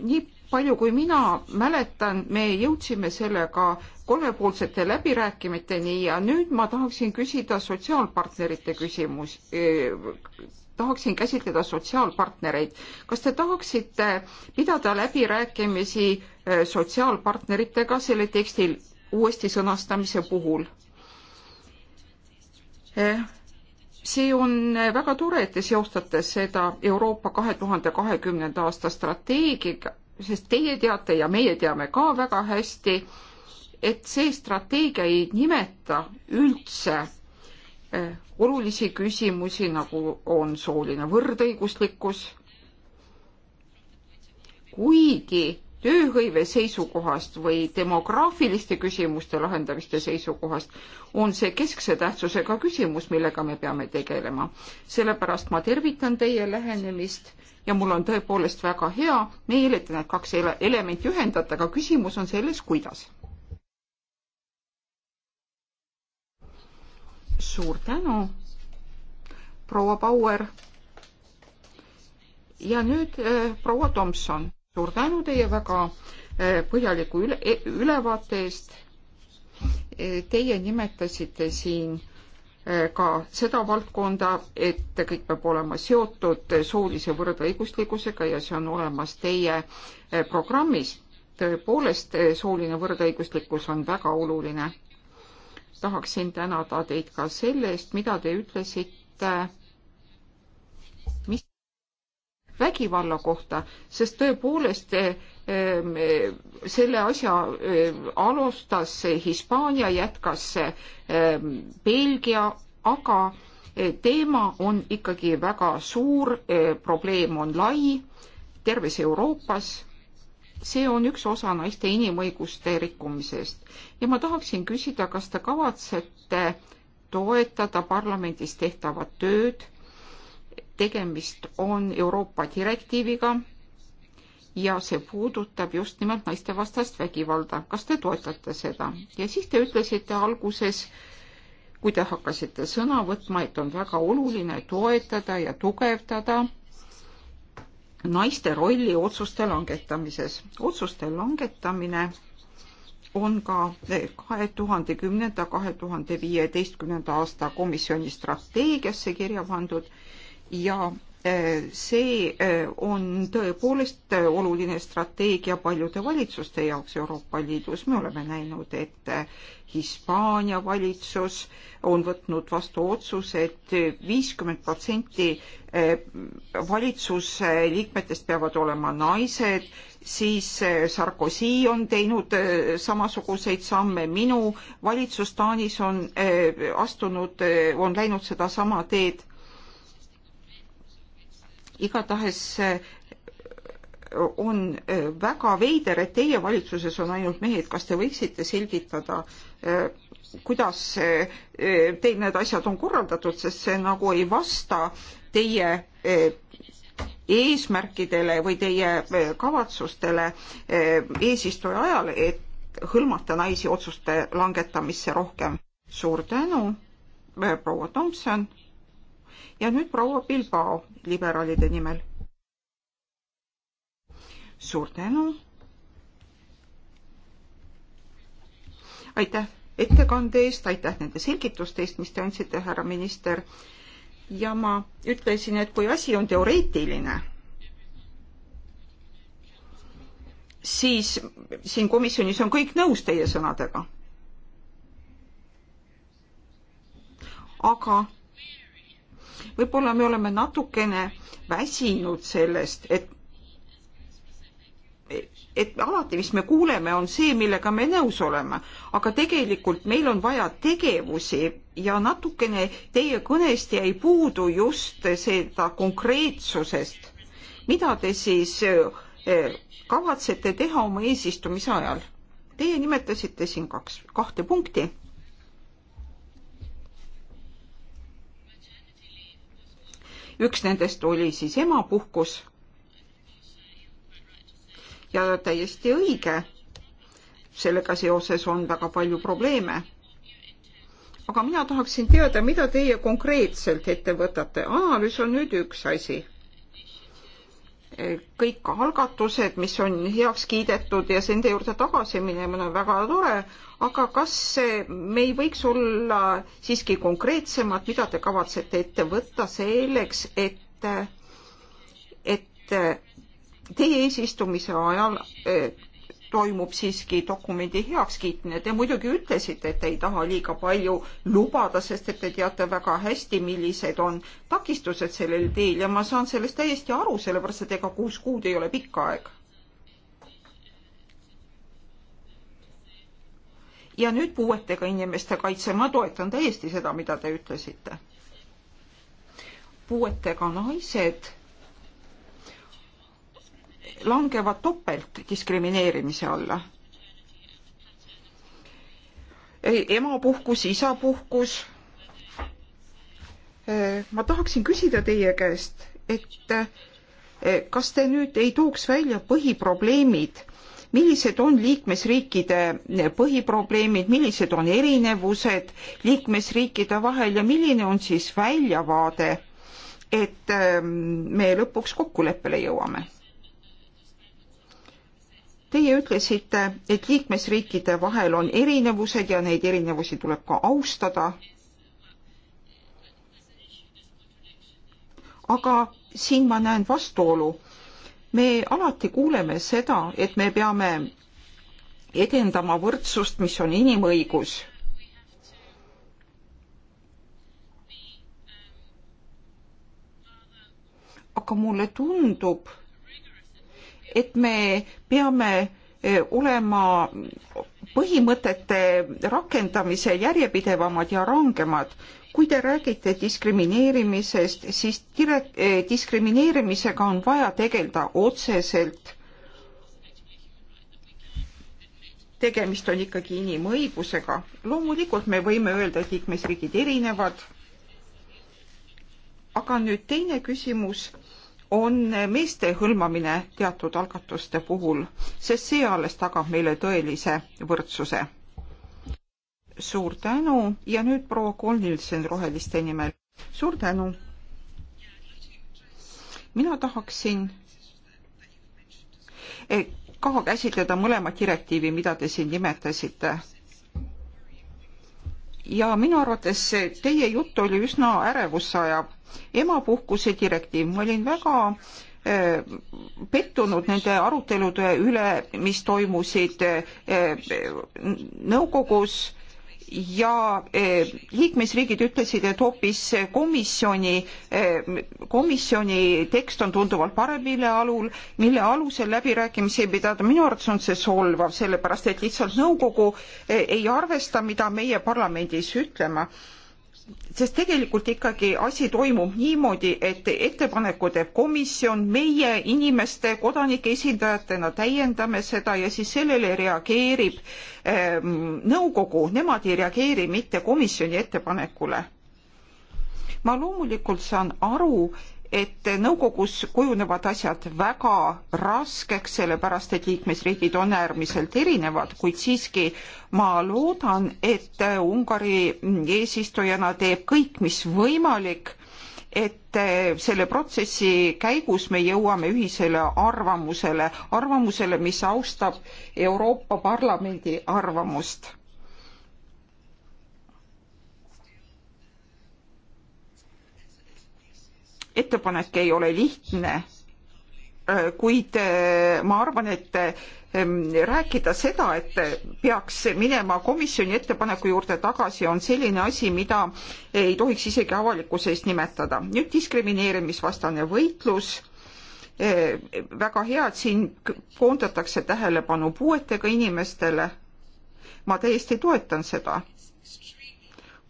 nii palju kui mina mäletan, me jõudsime sellega kolmepoolsete läbirääkimiteni ja nüüd ma tahaksin küsida sotsiaalpartnerite küsimus eh,, tahaksin käsitleda sotsiaalpartnereid. kas te tahaksite pidada läbirääkimisi äh, sotsiaalpartneritega selle teksti uuesti sõnastamise puhul eh,? see on väga tore, et te seostate seda Euroopa kahe tuhande kahekümnenda aasta strateegiaga, sest teie teate ja meie teame ka väga hästi, et see strateegia ei nimeta üldse eh, olulisi küsimusi, nagu on sooline võrdõiguslikkus. kuigi tööhõive seisukohast või demograafiliste küsimuste lahendamiste seisukohast on see keskse tähtsusega küsimus, millega me peame tegelema. sellepärast ma tervitan teie lähenemist ja mul on tõepoolest väga hea meel, et need kaks ele elementi ühendada, aga küsimus on selles, kuidas. suur tänu, proua Bauer. ja nüüd äh, proua Tomson suur tänu teie väga eh, põhjaliku üle, e, ülevaate eest. Eh, teie nimetasite siin eh, ka seda valdkonda, et kõik peab olema seotud soolise võrdõiguslikkusega ja see on olemas teie programmis. tõepoolest, sooline võrdõiguslikkus on väga oluline. tahaksin tänada teid ka selle eest, mida te ütlesite vägivalla kohta, sest tõepoolest eh, eh, selle asja eh, alustas Hispaania, jätkas Belgia, aga teema on ikkagi väga suur, probleem on lai terves Euroopas see on üks osa naiste inimõiguste rikkumisest ja ma tahaksin küsida, kas te kavatsete toetada parlamendis tehtavat tööd tegemist on Euroopa direktiiviga ja see puudutab just nimelt naistevastast vägivalda. kas te toetate seda? ja siis te ütlesite alguses, kui te hakkasite sõna võtma, et on väga oluline toetada ja tugevdada naiste rolli otsuste langetamises. otsuste langetamine on ka kahe tuhande kümnenda, kahe tuhande viieteistkümnenda aasta komisjoni strateegiasse kirja pandud ja äh, see äh, on tõepoolest äh, oluline strateegia paljude valitsuste jaoks Euroopa Liidus. me oleme näinud, et Hispaania valitsus on võtnud vastu otsuse et, et viiskümmend protsenti valitsuse liikmetest peavad olema naised, siis Sarkozy on teinud samasuguseid samme, minu valitsus Taanis on astunud, on läinud sedasama teed igatahes eh, on eh, väga veider, et teie valitsuses on ainult mehed, kas te võiksite selgitada, eh, kuidas teil need asjad on korraldatud, sest see nagu ei vasta teie eesmärkidele või teie kavatsustele eesistuja ajal, et hõlmata naisi otsuste langetamisse rohkem. suur tänu, proua Tomson ja nüüd proua Bilbao liberaalide nimel. suur tänu. aitäh ettekande eest, aitäh nende selgituste eest, mis te andsite, härra minister. ja ma ütlesin, et kui asi on teoreetiline, siis siin komisjonis on kõik nõus teie sõnadega. aga võib-olla me oleme natukene väsinud sellest, et et alati, mis me kuuleme, on see, millega me nõus oleme, aga tegelikult meil on vaja tegevusi ja natukene teie kõnest jäi puudu just seda konkreetsusest. mida te siis eh, kavatsete teha oma eesistumise ajal? Teie nimetasite siin kaks, kahte punkti üks nendest oli siis emapuhkus. ja täiesti õige, sellega seoses on väga palju probleeme. aga mina tahaksin teada, mida teie konkreetselt ette võtate, analüüs on nüüd üks asi kõik algatused, mis on heaks kiidetud ja nende juurde tagasi minemine on väga tore, aga kas me ei võiks olla siiski konkreetsemad, mida te kavatsete ette võtta selleks, et, et teie eesistumise ajal toimub siiski dokumendi heakskiitmine. Te muidugi ütlesite, et te ei taha liiga palju lubada, sest et te teate väga hästi, millised on takistused sellel teel ja ma saan sellest täiesti aru, sellepärast et ega kuus kuud ei ole pikk aeg. ja nüüd puuetega inimeste kaitse, ma toetan täiesti seda, mida te ütlesite. puuetega naised langevad topelt diskrimineerimise alla. emapuhkus, isapuhkus. Äh, ma tahaksin küsida teie käest, et äh, kas te nüüd ei tooks välja põhiprobleemid millised on liikmesriikide äh, põhiprobleemid, millised on erinevused liikmesriikide vahel ja milline on siis väljavaade, et ähm, me lõpuks kokkuleppele jõuame? Teie ütlesite, et liikmesriikide vahel on erinevused ja neid erinevusi tuleb ka austada. aga siin ma näen vastuolu. me alati kuuleme seda, et me peame edendama võrdsust, mis on inimõigus aga mulle tundub, et me peame eh, olema põhimõtete rakendamisel järjepidevamad ja rangemad. kui te räägite diskrimineerimisest, siis dire-, eh, diskrimineerimisega on vaja tegeleda otseselt. tegemist on ikkagi inimõigusega. loomulikult me võime öelda, et liikmesriigid erinevad. aga nüüd teine küsimus on meeste hõlmamine teatud algatuste puhul, sest see alles tagab meile tõelise võrdsuse. suur tänu ja nüüd proua Kolnilsen Roheliste nimel. suur tänu. mina tahaksin eh, ka käsitleda mõlema direktiivi, mida te siin nimetasite ja minu arvates teie jutt oli üsna ärevussajav. emapuhkuse direktiiv, ma olin väga äh, pettunud nende arutelude üle, mis toimusid äh, nõukogus ja e, liikmesriigid ütlesid, et hoopis komisjoni, e, komisjoni tekst on tunduvalt parem, mille alul, mille alusel läbirääkimisi ei pidada. minu arvates on see solvav, sellepärast et lihtsalt nõukogu e, ei arvesta, mida meie parlamendis ütlema sest tegelikult ikkagi asi toimub niimoodi, et ettepaneku teeb komisjon, meie inimeste, kodanike esindajatena täiendame seda ja siis sellele reageerib ähm, nõukogu, nemad ei reageeri mitte komisjoni ettepanekule. ma loomulikult saan aru, et nõukogus kujunevad asjad väga raskeks, sellepärast et liikmesriigid on äärmiselt erinevad, kuid siiski ma loodan, et Ungari eesistujana teeb kõik, mis võimalik, et selle protsessi käigus me jõuame ühisele arvamusele, arvamusele, mis austab Euroopa Parlamendi arvamust ettepanek ei ole lihtne, äh, kuid äh, ma arvan, et ähm, rääkida seda, et peaks minema komisjoni ettepaneku juurde tagasi, on selline asi, mida ei tohiks isegi avalikkuse eest nimetada. nüüd diskrimineerimisvastane võitlus äh, väga hea, et siin koondatakse tähelepanu puuetega inimestele. ma täiesti toetan seda.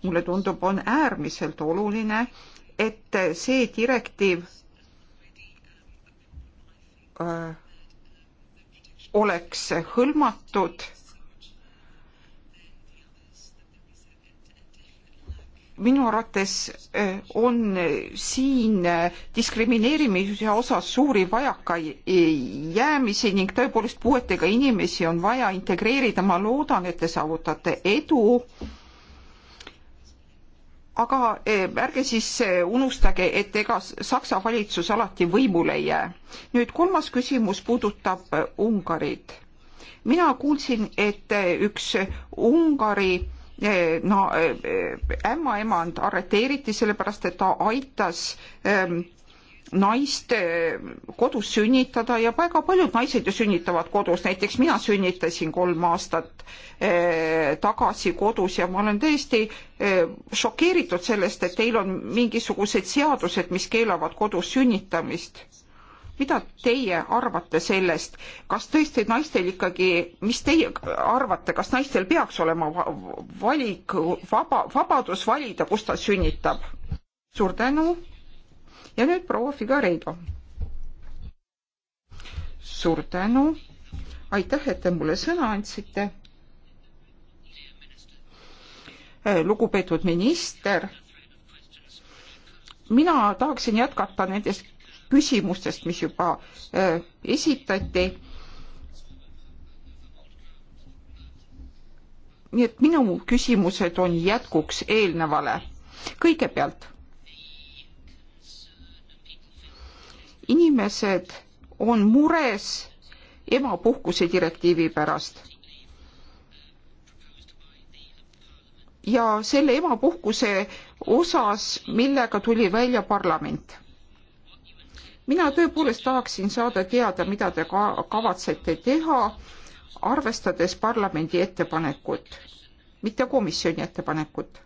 mulle tundub, on äärmiselt oluline, et see direktiiv äh, oleks hõlmatud minu arvates äh, on siin äh, diskrimineerimise osas suuri vajakajäämisi ning tõepoolest puuetega inimesi on vaja integreerida. ma loodan, et te saavutate edu aga eh, ärge siis eh, unustage, et ega Saksa valitsus alati võimule ei jää. nüüd kolmas küsimus puudutab eh, Ungarit. mina kuulsin, et üks Ungari no ämmaemand arreteeriti sellepärast, et ta aitas ähm, naist kodus sünnitada ja väga paljud naised ju sünnitavad kodus, näiteks mina sünnitasin kolm aastat eh, tagasi kodus ja ma olen tõesti eh, šokeeritud sellest, et teil on mingisugused seadused, mis keelavad kodus sünnitamist. mida teie arvate sellest, kas tõesti naistel ikkagi, mis teie arvate, kas naistel peaks olema valik, vaba, vabadus valida, kus ta sünnitab? suur tänu ja nüüd proua Figueiredo. suur tänu, aitäh, et te mulle sõna andsite. Eh, lugupeetud minister, mina tahaksin jätkata nendest küsimustest, mis juba eh, esitati nii et minu küsimused on jätkuks eelnevale. kõigepealt inimesed on mures emapuhkuse direktiivi pärast. ja selle emapuhkuse osas, millega tuli välja parlament. mina tõepoolest tahaksin saada teada, mida te ka kavatsete teha, arvestades parlamendi ettepanekut, mitte komisjoni ettepanekut.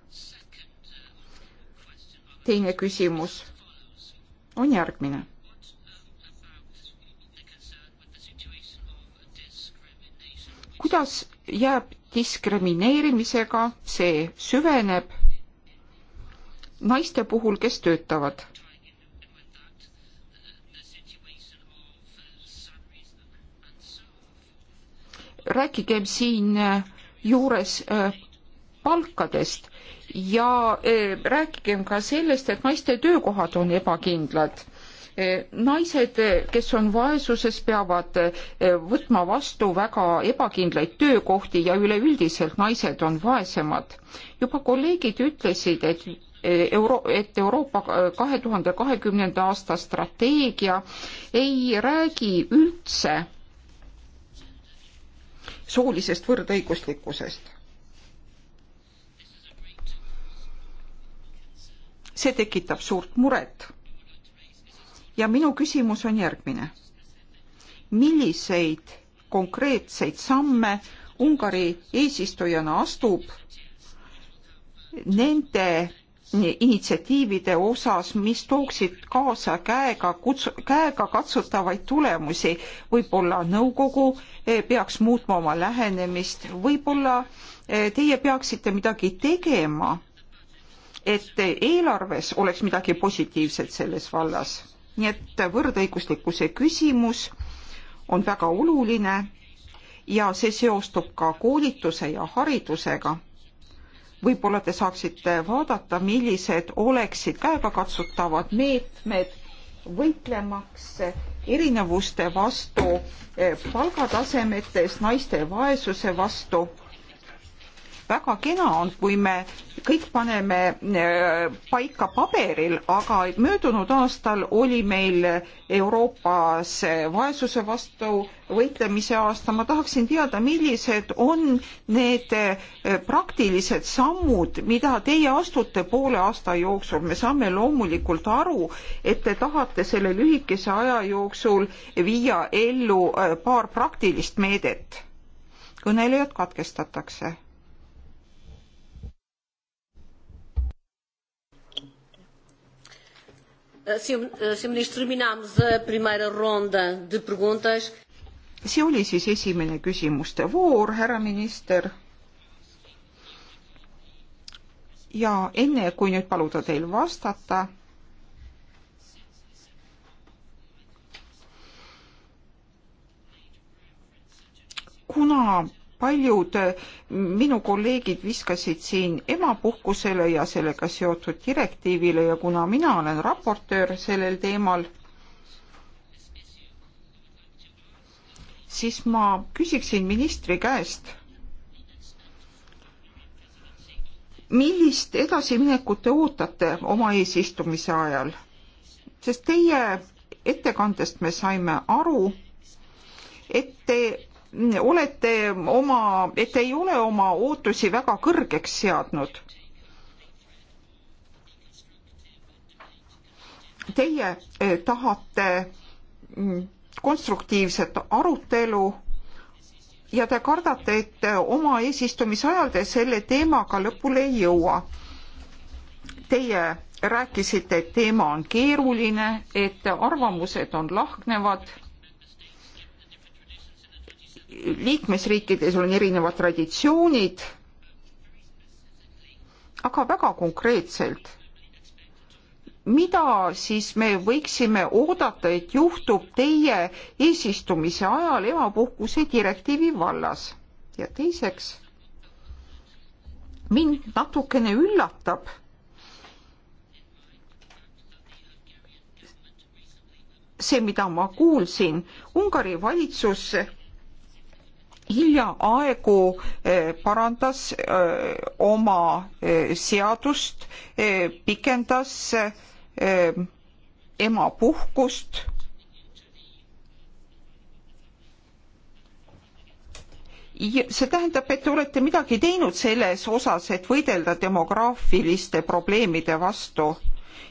teine küsimus on järgmine kuidas jääb diskrimineerimisega, see süveneb naiste puhul, kes töötavad. rääkigem siin äh, juures äh, palkadest ja äh, rääkigem ka sellest, et naiste töökohad on ebakindlad naised, kes on vaesuses, peavad eh, võtma vastu väga ebakindlaid töökohti ja üleüldiselt naised on vaesemad. juba kolleegid ütlesid, et eh, Euro-, et Euroopa eh, kahe tuhande kahekümnenda aasta strateegia ei räägi üldse soolisest võrdõiguslikkusest. see tekitab suurt muret ja minu küsimus on järgmine. milliseid konkreetseid samme Ungari eesistujana astub nende initsiatiivide osas, mis tooksid kaasa käega kutsu-, käegakatsutavaid tulemusi. võib-olla nõukogu eh, peaks muutma oma lähenemist, võib-olla eh, teie peaksite midagi tegema, et eelarves oleks midagi positiivset selles vallas nii et võrdõiguslikkuse küsimus on väga oluline ja see seostub ka koolituse ja haridusega. võib-olla te saaksite vaadata, millised oleksid käegakatsutavad meetmed võitlemaks erinevuste vastu palgatasemetes, naiste vaesuse vastu väga kena on, kui me kõik paneme äh, paika paberil, aga möödunud aastal oli meil Euroopas äh, vaesuse vastu võitlemise aasta. ma tahaksin teada, millised on need äh, praktilised sammud, mida teie astute poole aasta jooksul. me saame loomulikult aru, et te tahate selle lühikese aja jooksul viia ellu paar praktilist meedet. kõnelejad katkestatakse Sr. Eh, Ministro, terminamos a primeira ronda de perguntas. see oli siis esimene küsimuste voor, härra minister. ja enne, kui nüüd paluda teil vastata, kuna paljud äh, minu kolleegid viskasid siin emapuhkusele ja sellega seotud direktiivile ja kuna mina olen raportöör sellel teemal, siis ma küsiksin ministri käest, millist edasiminekut te ootate oma eesistumise ajal, sest teie ettekandest me saime aru, et te olete oma, et ei ole oma ootusi väga kõrgeks seadnud. Teie eh, tahate mm, konstruktiivset arutelu ja te kardate, et eh, oma eesistumise ajal te selle teemaga lõpule ei jõua. Teie rääkisite, et teema on keeruline, et arvamused on lahknevad liikmesriikides on erinevad traditsioonid, aga väga konkreetselt, mida siis me võiksime oodata, et juhtub teie eesistumise ajal emapuhkuse direktiivi vallas? ja teiseks, mind natukene üllatab see, mida ma kuulsin, Ungari valitsus hiljaaegu eh, parandas eh, oma eh, seadust, pikendas emapuhkust. see tähendab, et te olete midagi teinud selles osas, et võidelda demograafiliste probleemide vastu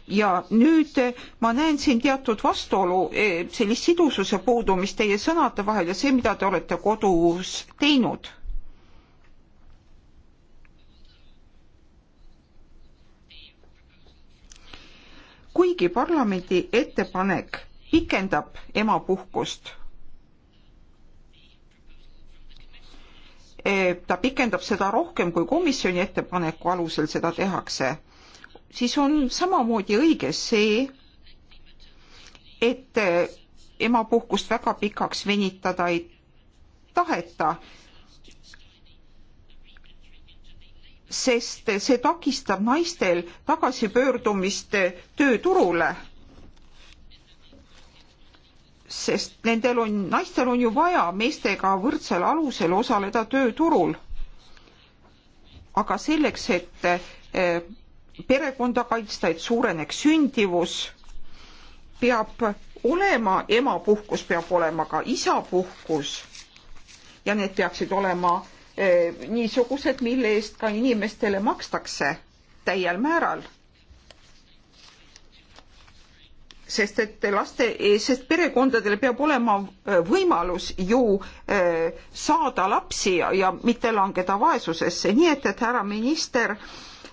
ja nüüd eh, ma näen siin teatud vastuolu, eh, sellist sidususe puudumist teie sõnade vahel ja see, mida te olete kodus teinud. kuigi parlamendi ettepanek pikendab emapuhkust eh, ta pikendab seda rohkem, kui komisjoni ettepaneku alusel seda tehakse, siis on samamoodi õige see, et emapuhkust väga pikaks venitada ei taheta, sest see takistab naistel tagasipöördumist tööturule. sest nendel on, naistel on ju vaja meestega võrdsel alusel osaleda tööturul. aga selleks, et eh, perekonda kaitsta, et suureneks sündivus, peab olema emapuhkus, peab olema ka isapuhkus ja need peaksid olema eh, niisugused, mille eest ka inimestele makstakse täiel määral. sest et laste, eh, sest perekondadel peab olema eh, võimalus ju eh, saada lapsi ja, ja mitte langeda vaesusesse, nii et, et härra minister eh,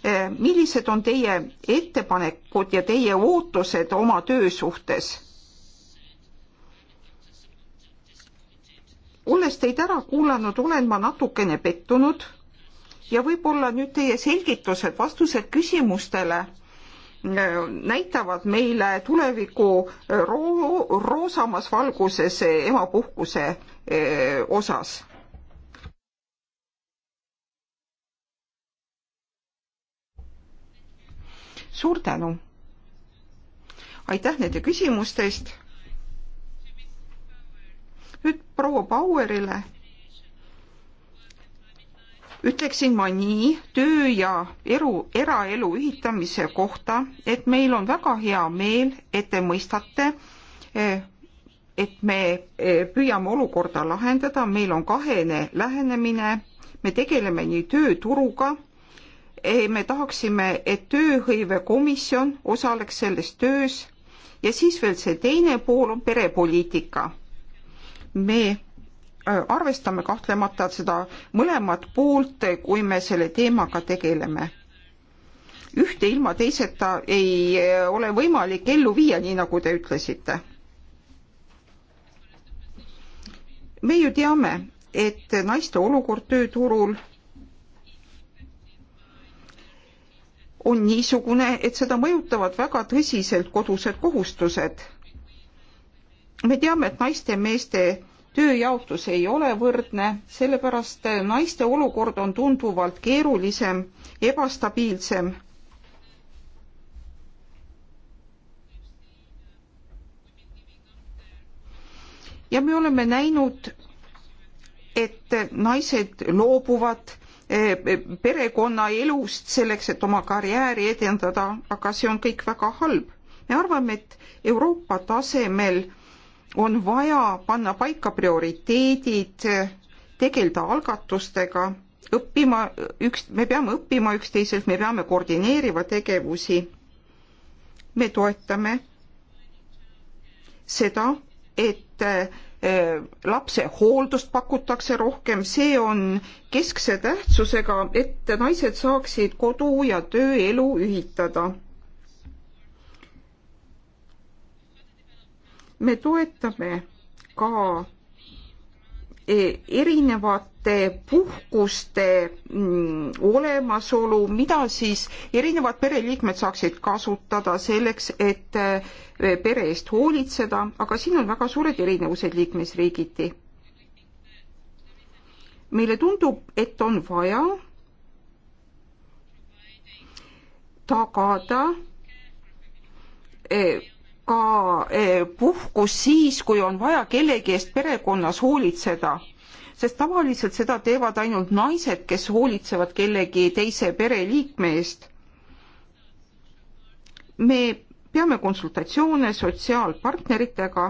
Eh, millised on teie ettepanekud ja teie ootused oma töö suhtes? olles teid ära kuulanud, olen ma natukene pettunud ja võib-olla nüüd teie selgitused, vastused küsimustele eh, näitavad meile tuleviku eh, ro roosamas valguses emapuhkuse osas suur tänu! aitäh nende küsimuste eest! nüüd proua Bauerile ütleksin ma nii töö ja eru, eraelu ühitamise kohta, et meil on väga hea meel, et te mõistate, eh, et me eh, püüame olukorda lahendada, meil on kahene lähenemine, me tegeleme nii tööturuga me tahaksime, et tööhõivekomisjon osaleks selles töös ja siis veel see teine pool on perepoliitika. me äh, arvestame kahtlemata seda mõlemat poolt, kui me selle teemaga tegeleme. ühte ilma teiseta ei äh, ole võimalik ellu viia, nii nagu te ütlesite. me ju teame, et naiste olukord tööturul on niisugune, et seda mõjutavad väga tõsiselt kodused kohustused. me teame, et naiste ja meeste tööjaotus ei ole võrdne, sellepärast naiste olukord on tunduvalt keerulisem, ebastabiilsem. ja me oleme näinud, et naised loobuvad Eh, eh, perekonnaelust selleks, et oma karjääri edendada, aga see on kõik väga halb. me arvame, et Euroopa tasemel on vaja panna paika prioriteedid, tegeleda algatustega, õppima üks, me peame õppima üksteiselt, me peame koordineerima tegevusi. me toetame seda, et Äh, lapse hooldust pakutakse rohkem, see on keskse tähtsusega, et naised saaksid kodu ja tööelu ühitada. me toetame ka E, erinevate puhkuste mm, olemasolu, mida siis erinevad pereliikmed saaksid kasutada selleks, et e, pere eest hoolitseda, aga siin on väga suured erinevused liikmesriigiti. meile tundub, et on vaja tagada e, ka eh, puhkus siis, kui on vaja kellegi eest perekonnas hoolitseda, sest tavaliselt seda teevad ainult naised, kes hoolitsevad kellegi teise pereliikme eest. me peame konsultatsioone sotsiaalpartneritega,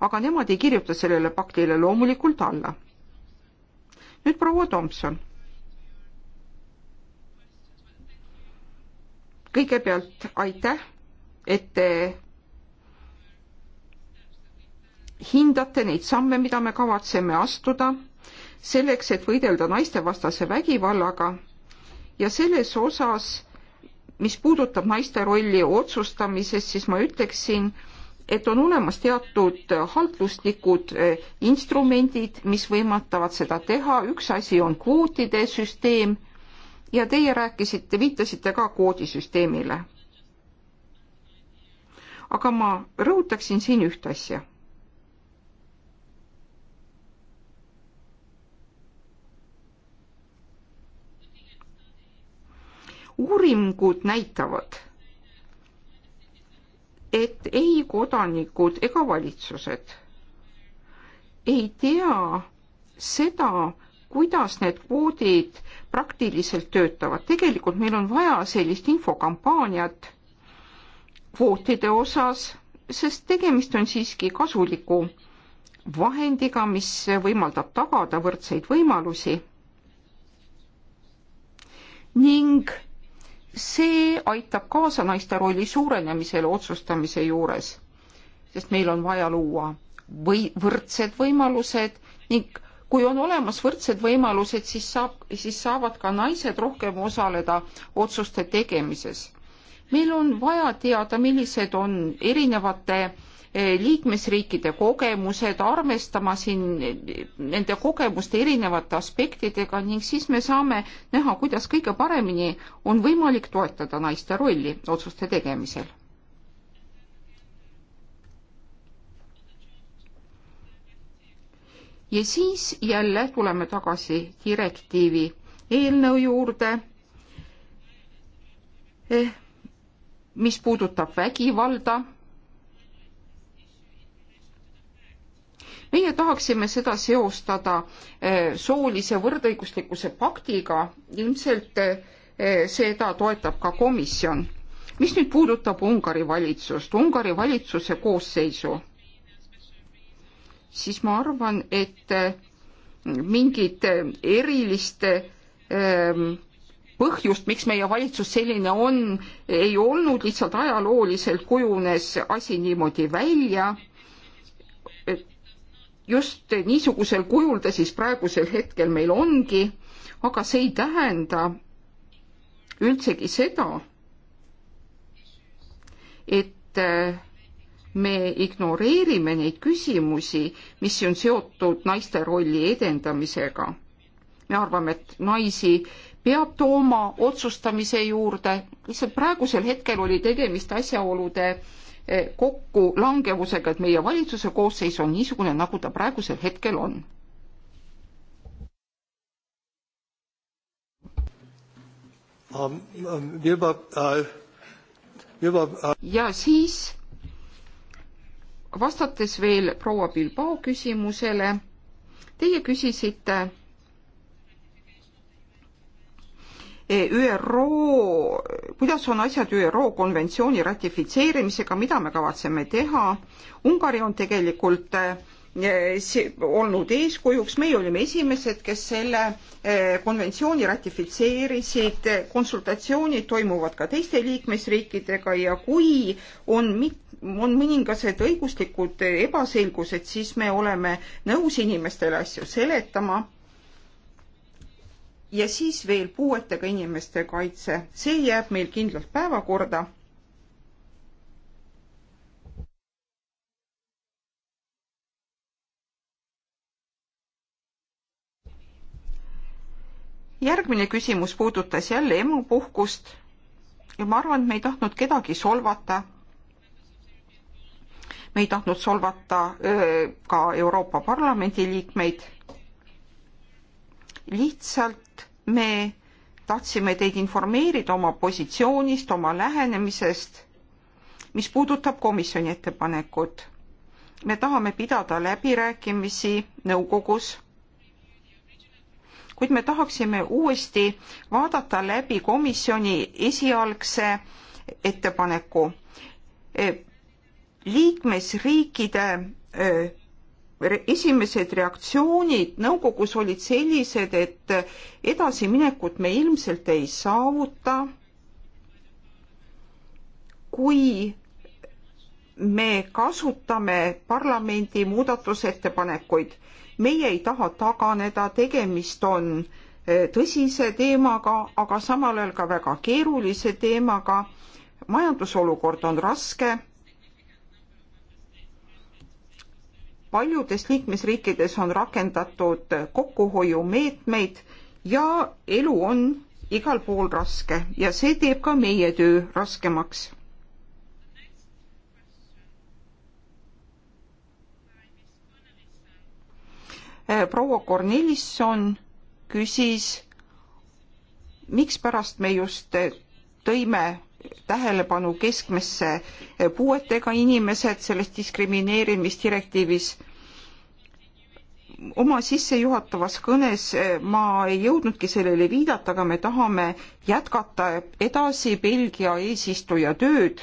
aga nemad ei kirjuta sellele paktile loomulikult alla. nüüd proua Tomson kõigepealt aitäh et te hindate neid samme, mida me kavatseme astuda selleks, et võidelda naistevastase vägivallaga ja selles osas, mis puudutab naiste rolli otsustamises, siis ma ütleksin, et on olemas teatud halduslikud eh, instrumendid, mis võimaldavad seda teha, üks asi on kvootide süsteem ja teie rääkisite, viitasite ka kvoodisüsteemile aga ma rõhutaksin siin üht asja. uuringud näitavad, et ei kodanikud ega valitsused ei tea seda, kuidas need kvoodid praktiliselt töötavad. tegelikult meil on vaja sellist infokampaaniat kvootide osas, sest tegemist on siiski kasuliku vahendiga, mis võimaldab tagada võrdseid võimalusi. ning see aitab kaasa naiste rolli suurenemisele otsustamise juures, sest meil on vaja luua või võrdsed võimalused ning kui on olemas võrdsed võimalused, siis saab, siis saavad ka naised rohkem osaleda otsuste tegemises meil on vaja teada, millised on erinevate eh, liikmesriikide kogemused, arvestama siin eh, nende kogemuste erinevate aspektidega ning siis me saame näha, kuidas kõige paremini on võimalik toetada naiste rolli otsuste tegemisel. ja siis jälle tuleme tagasi direktiivi eelnõu juurde eh mis puudutab vägivalda. meie tahaksime seda seostada eh, soolise võrdõiguslikkuse paktiga, ilmselt eh, seda toetab ka komisjon. mis nüüd puudutab Ungari valitsust, Ungari valitsuse koosseisu, siis ma arvan, et eh, mingit erilist ähm, põhjust, miks meie valitsus selline on, ei olnud, lihtsalt ajalooliselt kujunes asi niimoodi välja. just niisugusel kujul ta siis praegusel hetkel meil ongi, aga see ei tähenda üldsegi seda, et äh, me ignoreerime neid küsimusi, mis on seotud naiste rolli edendamisega. me arvame, et naisi peab tooma otsustamise juurde, lihtsalt praegusel hetkel oli tegemist asjaolude eh, kokkulangevusega, et meie valitsuse koosseis on niisugune, nagu ta praegusel hetkel on. Um, um, äh, äh ja siis vastates veel proua Bilbao küsimusele, teie küsisite ÜRO, kuidas on asjad ÜRO konventsiooni ratifitseerimisega, mida me kavatseme teha. Ungari on tegelikult eh, olnud eeskujuks, meie olime esimesed, kes selle eh, konventsiooni ratifitseerisid, konsultatsioonid toimuvad ka teiste liikmesriikidega ja kui on mit-, on mõningased õiguslikud ebaselgused, siis me oleme nõus inimestele asju seletama ja siis veel puuetega inimeste kaitse, see jääb meil kindlalt päevakorda. järgmine küsimus puudutas jälle emapuhkust ja ma arvan, et me ei tahtnud kedagi solvata. me ei tahtnud solvata öö, ka Euroopa Parlamendi liikmeid. lihtsalt me tahtsime teid informeerida oma positsioonist, oma lähenemisest, mis puudutab komisjoni ettepanekut. me tahame pidada läbirääkimisi nõukogus, kuid me tahaksime uuesti vaadata läbi komisjoni esialgse ettepaneku liikmesriikide esimesed reaktsioonid nõukogus olid sellised, et edasiminekut me ilmselt ei saavuta, kui me kasutame parlamendi muudatusettepanekuid. meie ei taha taganeda, tegemist on e, tõsise teemaga, aga samal ajal ka väga keerulise teemaga. majandusolukord on raske paljudes liikmesriikides on rakendatud kokkuhoiumeetmeid ja elu on igal pool raske ja see teeb ka meie töö raskemaks. Eh, proua Kornelisson küsis, mikspärast me just eh, tõime tähelepanu keskmesse puuetega inimesed selles diskrimineerimisdirektiivis. oma sissejuhatavas kõnes eh, ma ei jõudnudki sellele viidata, aga me tahame jätkata edasi Belgia eesistuja tööd.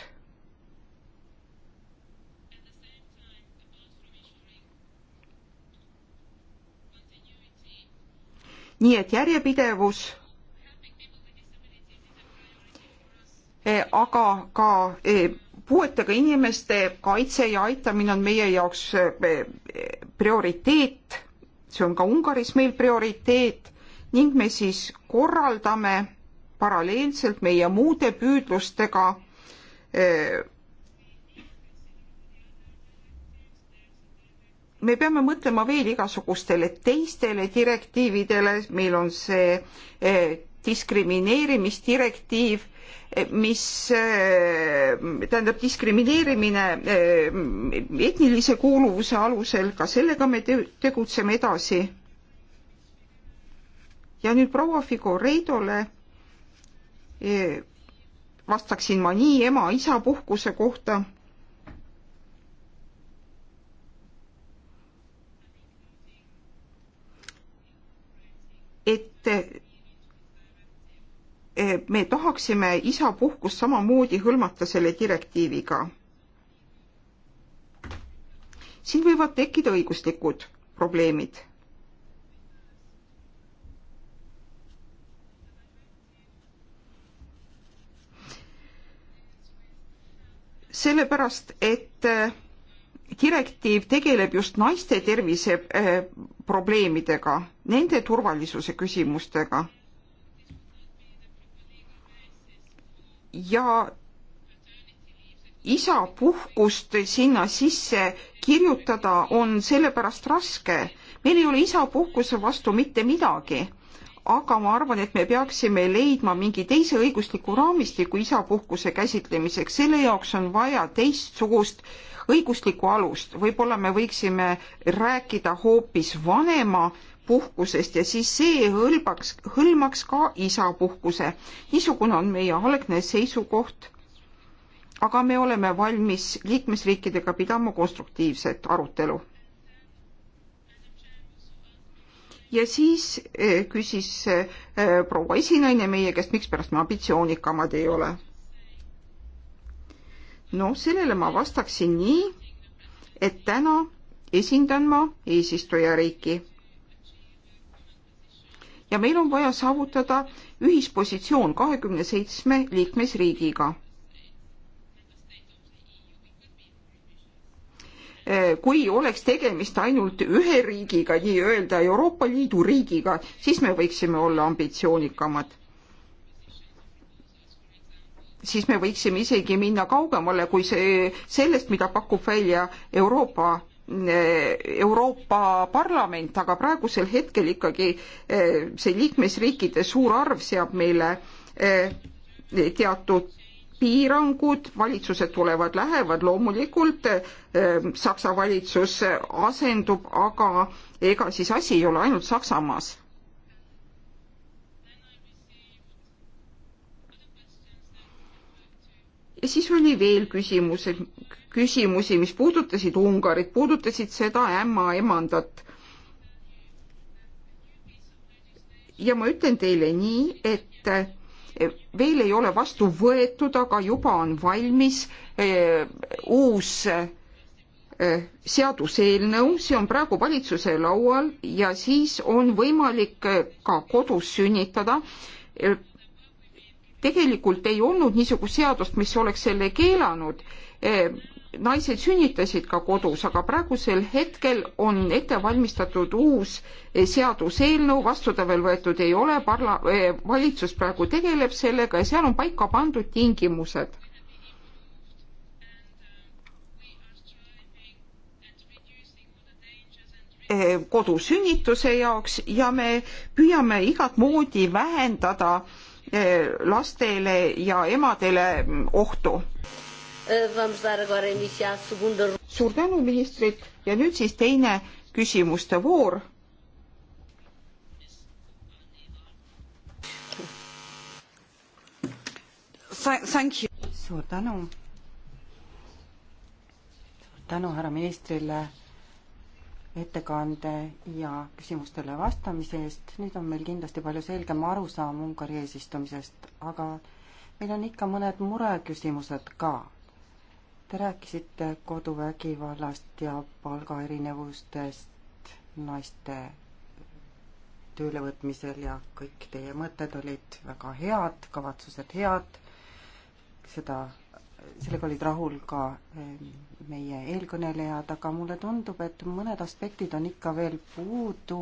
nii et järjepidevus Eh, aga ka eh, puuetega inimeste kaitse ja aitamine on meie jaoks eh, prioriteet, see on ka Ungaris meil prioriteet ning me siis korraldame paralleelselt meie muude püüdlustega me peame mõtlema veel igasugustele teistele direktiividele, meil on see diskrimineerimisdirektiiv, mis eh, tähendab diskrimineerimine eh, etnilise kuuluvuse alusel, ka sellega me tegutseme edasi. ja nüüd proua Figoreidole eh, vastaksin ma nii ema-isa puhkuse kohta et Eh, me tahaksime isapuhkust samamoodi hõlmata selle direktiiviga. siin võivad tekkida õiguslikud probleemid. sellepärast, et eh, direktiiv tegeleb just naiste tervise eh, probleemidega, nende turvalisuse küsimustega ja isapuhkust sinna sisse kirjutada on sellepärast raske. meil ei ole isapuhkuse vastu mitte midagi, aga ma arvan, et me peaksime leidma mingi teise õigusliku raamistiku isapuhkuse käsitlemiseks, selle jaoks on vaja teistsugust õiguslikku alust, võib-olla me võiksime rääkida hoopis vanema puhkusest ja siis see hõlbaks, hõlmaks ka isapuhkuse. niisugune on meie algne seisukoht. aga me oleme valmis liikmesriikidega pidama konstruktiivset arutelu. ja siis eh, küsis eh, proua esinaine meie käest, mikspärast me ambitsioonikamad ei ole. noh, sellele ma vastaksin nii, et täna esindan ma eesistujariiki ja meil on vaja saavutada ühispositsioon kahekümne seitsme liikmesriigiga. kui oleks tegemist ainult ühe riigiga, nii-öelda Euroopa Liidu riigiga, siis me võiksime olla ambitsioonikamad siis me võiksime isegi minna kaugemale kui see sellest, mida pakub välja Euroopa Euroopa Parlament, aga praegusel hetkel ikkagi eh, see liikmesriikide suur arv seab meile eh, teatud piirangud, valitsused tulevad, lähevad loomulikult, eh, Saksa valitsus asendub, aga ega siis asi ei ole ainult Saksamaas. ja siis oli veel küsimus, et küsimusi, mis puudutasid Ungarit, puudutasid seda ämmaemandat. ja ma ütlen teile nii, et eh, veel ei ole vastu võetud, aga juba on valmis eh, uus eh, seaduseelnõu, see on praegu valitsuse laual ja siis on võimalik eh, ka kodus sünnitada eh, tegelikult ei olnud niisugust seadust, mis oleks selle keelanud naised sünnitasid ka kodus, aga praegusel hetkel on ette valmistatud uus eh, seaduseelnõu, vastu ta veel võetud ei ole, parla-, eh, valitsus praegu tegeleb sellega ja seal on paika pandud tingimused. Eh, kodusünnituse jaoks ja me püüame igat moodi vähendada lastele ja emadele mm, ohtu. Eh, vamos dar agora início à segunda... suur tänu, ministrid ja nüüd siis teine küsimuste voor. suur tänu. suur tänu härra ministrile ettekande ja küsimustele vastamise eest. nüüd on meil kindlasti palju selgem arusaam Ungari eesistumisest, aga meil on ikka mõned mureküsimused ka Te rääkisite koduvägivallast ja palgaerinevustest naiste töölevõtmisel ja kõik teie mõtted olid väga head, kavatsused head. seda, sellega olid rahul ka eh, meie eelkõnelejad, aga mulle tundub, et mõned aspektid on ikka veel puudu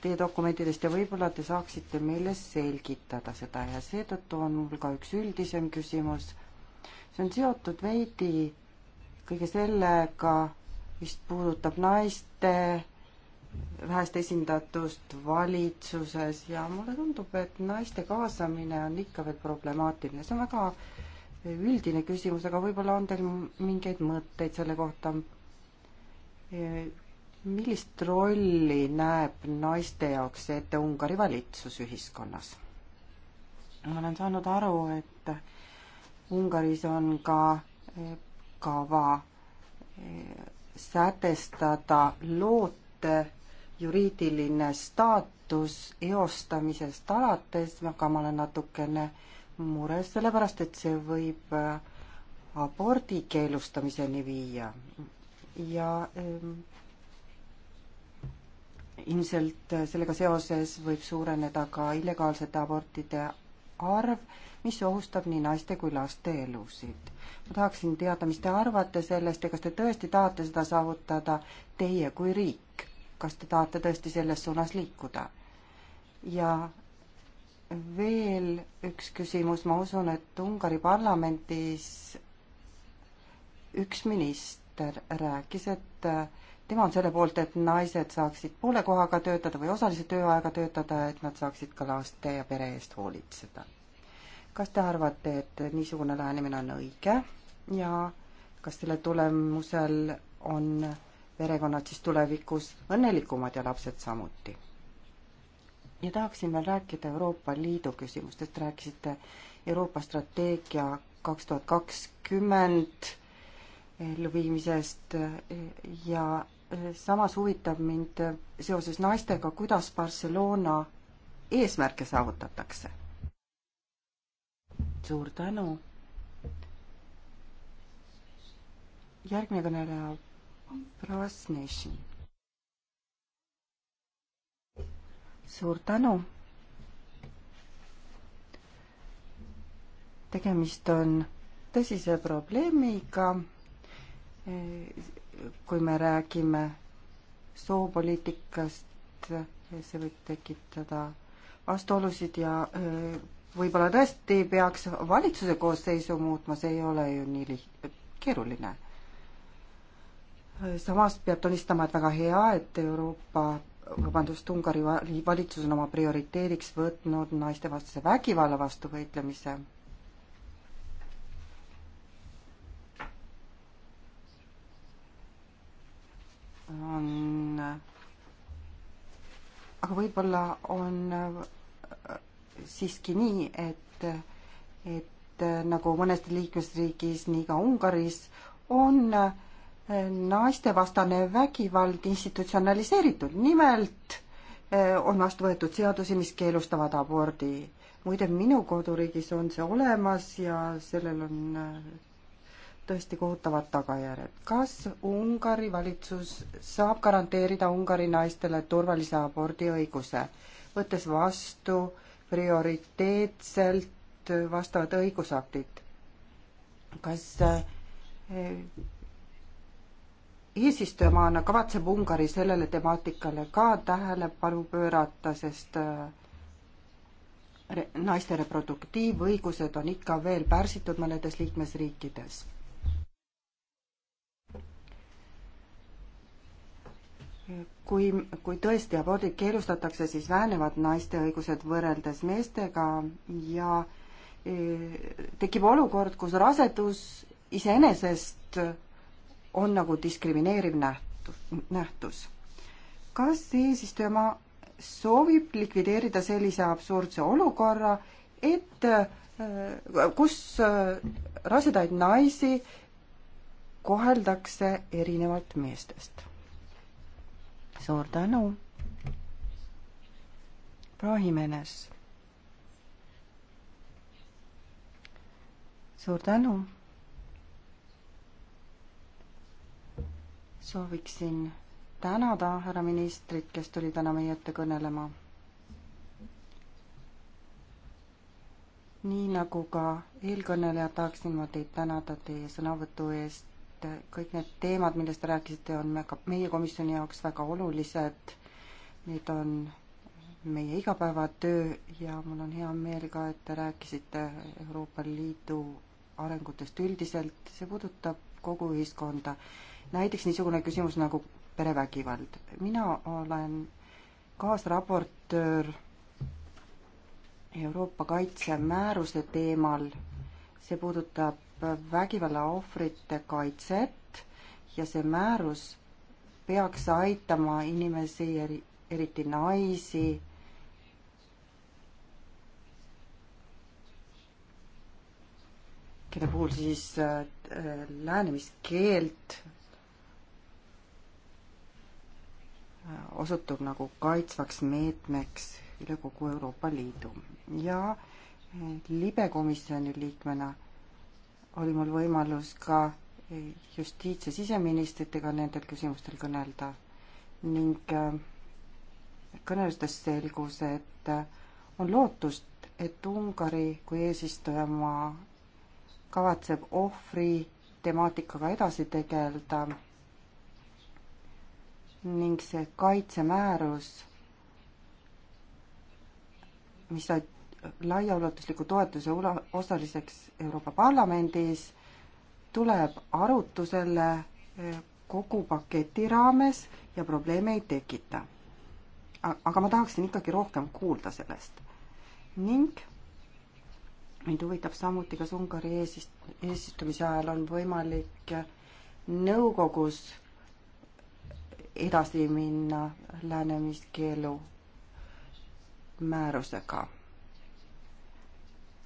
teie dokumentidest ja võib-olla te saaksite meile selgitada seda ja seetõttu on mul ka üks üldisem küsimus. see on seotud veidi kõige sellega, mis puudutab naiste vähest esindatust valitsuses ja mulle tundub, et naiste kaasamine on ikka veel problemaatiline, see on väga üldine küsimus, aga võib-olla on teil mingeid mõtteid selle kohta. millist rolli näeb naiste jaoks ette Ungari valitsus ühiskonnas? ma olen saanud aru, et Ungaris on ka kava eh, sätestada loote juriidiline staatus eostamisest alates, aga ma olen natukene mures, sellepärast et see võib eh, abordi keelustamiseni viia ja ähm, ilmselt sellega seoses võib suureneda ka illegaalsete abortide arv, mis ohustab nii naiste kui laste elusid ma tahaksin teada, mis te arvate sellest ja kas te tõesti tahate seda saavutada, teie kui riik, kas te tahate tõesti selles suunas liikuda? ja veel üks küsimus, ma usun, et Ungari parlamendis üks minister rääkis, et äh, tema on selle poolt, et naised saaksid poole kohaga töötada või osalise tööajaga töötada, et nad saaksid ka laste ja pere eest hoolitseda kas te arvate, et niisugune lähenemine on õige ja kas selle tulemusel on perekonnad siis tulevikus õnnelikumad ja lapsed samuti? ja tahaksin veel rääkida Euroopa Liidu küsimustest, rääkisite Euroopa strateegia kaks tuhat kakskümmend elluviimisest ja samas huvitab mind seoses naistega, kuidas Barcelona eesmärke saavutatakse suur tänu. järgmine kõneleja, proua Snežin. suur tänu. tegemist on tõsise probleemiga, kui me räägime soopoliitikast, see võib tekitada vastuolusid ja võib-olla tõesti peaks valitsuse koosseisu muutma, see ei ole ju nii liht-, keeruline. samas peab tunnistama, et väga hea, et Euroopa, vabandust, Ungari valitsus on oma prioriteediks võtnud naistevastase vägivalla vastu võitlemise on, aga võib-olla on siiski nii, et, et nagu mõnes liikmesriigis, nii ka Ungaris, on eh, naistevastane vägivald institutsionaliseeritud, nimelt eh, on vastu võetud seadusi, mis keelustavad abordi. muide, minu koduriigis on see olemas ja sellel on eh, tõesti kohutavad tagajärjed. kas Ungari valitsus saab garanteerida Ungari naistele turvalise abordiõiguse, võttes vastu äh, prioriteetselt vastavad õigusaktid. kas eh, eesistujamaana kavatseb Ungari sellele temaatikale ka tähelepanu pöörata, sest eh, naiste reproduktiivõigused on ikka veel pärsitud mõnedes liikmesriikides kui, kui tõesti abordid keelustatakse, siis vähenevad naiste õigused võrreldes meestega ja e, tekib olukord, kus rasedus iseenesest on nagu diskrimineeriv nähtus, nähtus. kas eesistujamaa soovib likvideerida sellise absurdse olukorra, et e, kus e, rasedaid naisi koheldakse erinevalt meestest? suur tänu. proua Jimenez. suur tänu. sooviksin tänada härra ministrit, kes tuli täna meie ette kõnelema. nii nagu ka eelkõneleja, tahaksin ma teid tänada teie sõnavõtu eest et kõik need teemad, millest te rääkisite, on väga, meie komisjoni jaoks väga olulised. Need on meie igapäevatöö ja mul on hea meel ka, et te rääkisite Euroopa Liidu arengutest üldiselt, see puudutab kogu ühiskonda. näiteks niisugune küsimus nagu perevägivald. mina olen kaasraportöör Euroopa kaitsemääruse teemal, see puudutab vägivalla ohvrite kaitset ja see määrus peaks aitama inimesi, eri, eriti naisi, kelle puhul siis äh, lähenemiskeeld äh, osutub nagu kaitsvaks meetmeks üle kogu Euroopa Liidu ja äh, libekomisjoni liikmena äh, oli mul võimalus ka justiits- ja siseministritega nendel küsimustel kõnelda ning äh, kõnelustes selgus, et äh, on lootust, et Ungari kui eesistujamaa kavatseb ohvri temaatikaga edasi tegeleda ning see kaitsemäärus, mis sai laiaulatusliku toetuse ula-, osaliseks Euroopa Parlamendis, tuleb arutusele eh, kogu paketi raames ja probleeme ei tekita. aga ma tahaksin ikkagi rohkem kuulda sellest. ning mind huvitab samuti, kas Ungari eesist-, eesistumise ajal on võimalik eh, nõukogus edasi minna lähenemiskeelu määrusega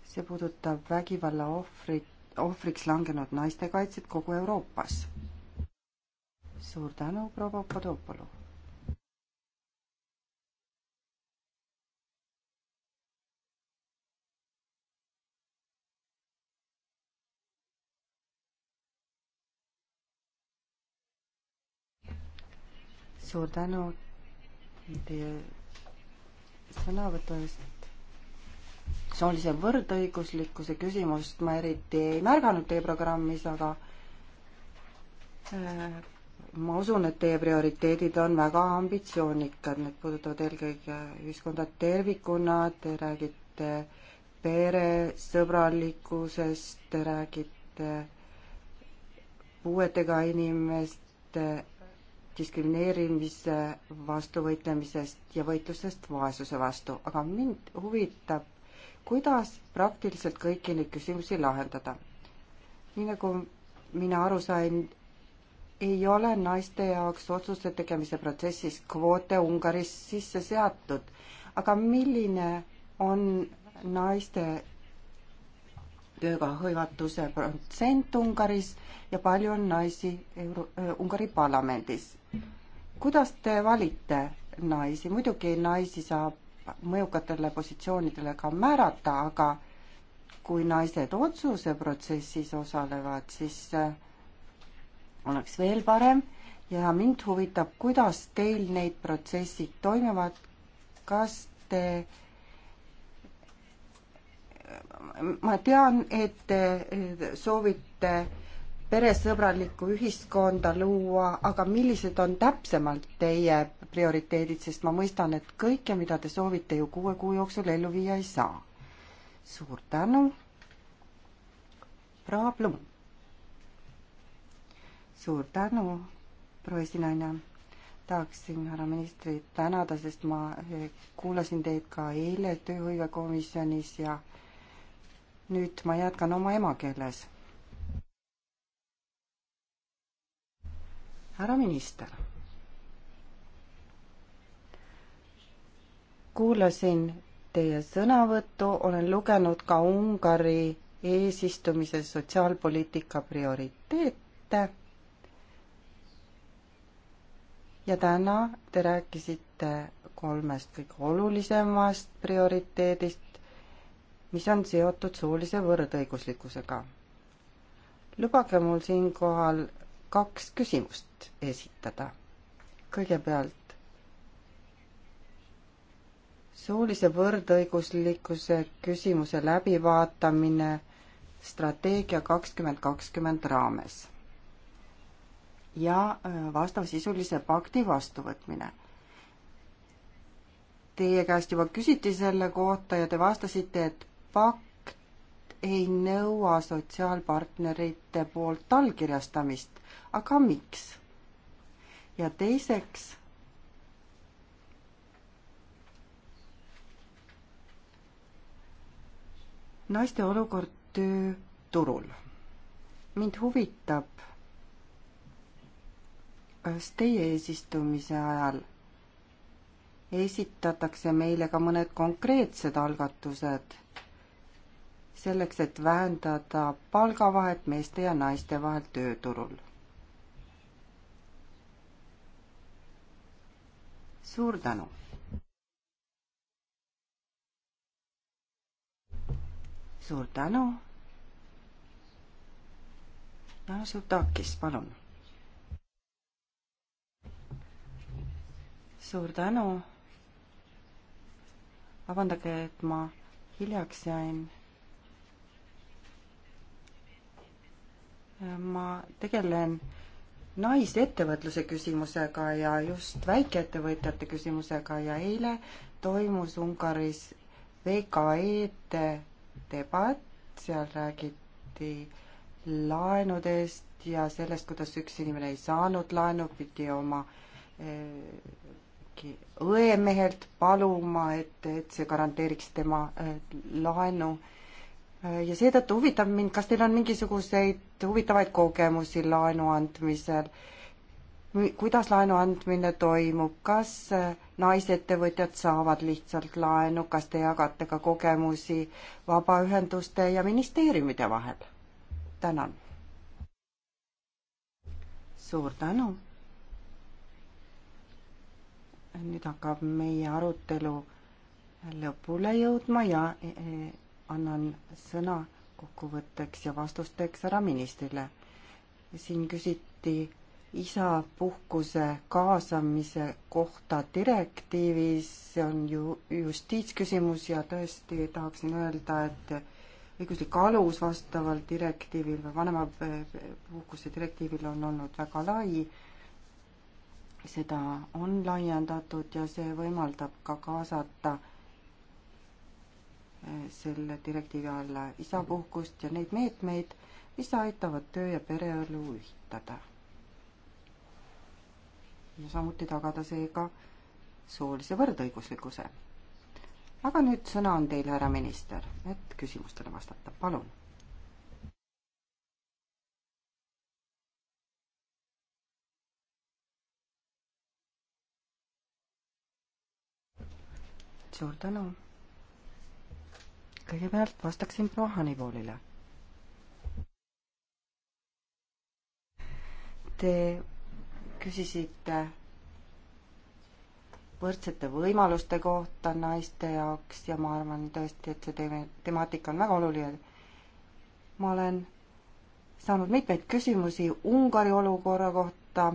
see puudutab vägivalla ohvrit, ohvriks langenud naiste kaitset kogu Euroopas. suur tänu, proua Padopoulou. suur tänu teie sõnavõtu eest soolise võrdõiguslikkuse küsimust ma eriti ei märganud teie programmis, aga äh, ma usun, et teie prioriteedid on väga ambitsioonikad, need puudutavad eelkõige ühiskonda tervikuna, te räägite peresõbralikkusest, te räägite puuetega inimeste diskrimineerimise vastu võitlemisest ja võitlusest vaesuse vastu, aga mind huvitab kuidas praktiliselt kõiki neid küsimusi lahendada. nii nagu mina aru sain, ei ole naiste jaoks otsuste tegemise protsessis kvoote Ungaris sisse seatud, aga milline on naiste tööga hõivatuse protsent Ungaris ja palju on naisi Euro-, Ungari parlamendis. kuidas te valite naisi, muidugi naisi saab mõjukatele positsioonidele ka määrata, aga kui naised otsuseprotsessis osalevad, siis äh, oleks veel parem ja mind huvitab, kuidas teil need protsessid toimuvad, kas te ma tean, et te soovite peresõbralikku ühiskonda luua, aga millised on täpsemalt teie prioriteedid, sest ma mõistan, et kõike, mida te soovite ju kuue kuu jooksul ellu viia ei saa. suur tänu. proua Blum. suur tänu, proua esinaine. tahaksin härra ministrit tänada, sest ma eh, kuulasin teid ka eile tööhõivekomisjonis ja nüüd ma jätkan oma emakeeles härra minister. kuulasin teie sõnavõttu, olen lugenud ka Ungari eesistumise sotsiaalpoliitika prioriteete. ja täna te rääkisite kolmest kõige olulisemast prioriteedist, mis on seotud soolise võrdõiguslikkusega. lubage mul siinkohal kaks küsimust esitada. kõigepealt soolise võrdõiguslikkuse küsimuse läbivaatamine strateegia kakskümmend kakskümmend raames ja äh, vastavasisulise pakti vastuvõtmine. Teie käest juba küsiti selle kohta ja te vastasite, et pakk ei nõua sotsiaalpartnerite poolt allkirjastamist. aga miks? ja teiseks naiste olukord tööturul. mind huvitab, kas teie eesistumise ajal esitatakse meile ka mõned konkreetsed algatused selleks, et vähendada palgavahet meeste ja naiste vahel tööturul. suur tänu! suur tänu! Jana Sutakis, palun! suur tänu! vabandage, et ma hiljaks jäin ma tegelen naisettevõtluse küsimusega ja just väikeettevõtjate küsimusega ja eile toimus Ungaris VKE-de debatt, seal räägiti laenudest ja sellest, kuidas üks inimene ei saanud laenu, pidi oma eh, õemehelt paluma, et, et see garanteeriks tema eh, laenu ja seetõttu huvitab mind, kas teil on mingisuguseid huvitavaid kogemusi laenu andmisel? kuidas laenu andmine toimub, kas äh, naisettevõtjad saavad lihtsalt laenu, kas te jagate ka kogemusi vabaühenduste ja ministeeriumide vahel? tänan. suur tänu. nüüd hakkab meie arutelu lõpule jõudma ja e, e, annan sõna kokkuvõtteks ja vastusteks härra ministrile. siin küsiti isapuhkuse kaasamise kohta direktiivis, see on ju justiitsküsimus ja tõesti tahaksin öelda, et õiguslik alus vastaval direktiivil või vanemapuhkuse direktiivil on olnud väga lai. seda on laiendatud ja see võimaldab ka kaasata Äh, selle direktiivi alla isapuhkust ja neid meetmeid, mis aitavad töö ja pereelu ühitada. ja samuti tagada seega soolise võrdõiguslikkuse. aga nüüd sõna on teil, härra minister, et küsimustele vastata, palun. suur tänu kõigepealt vastaksin proua Hannipoolile. Te küsisite võrdsete võimaluste kohta naiste jaoks ja ma arvan tõesti, et see teeme, temaatika on väga oluline. ma olen saanud mitmeid küsimusi Ungari olukorra kohta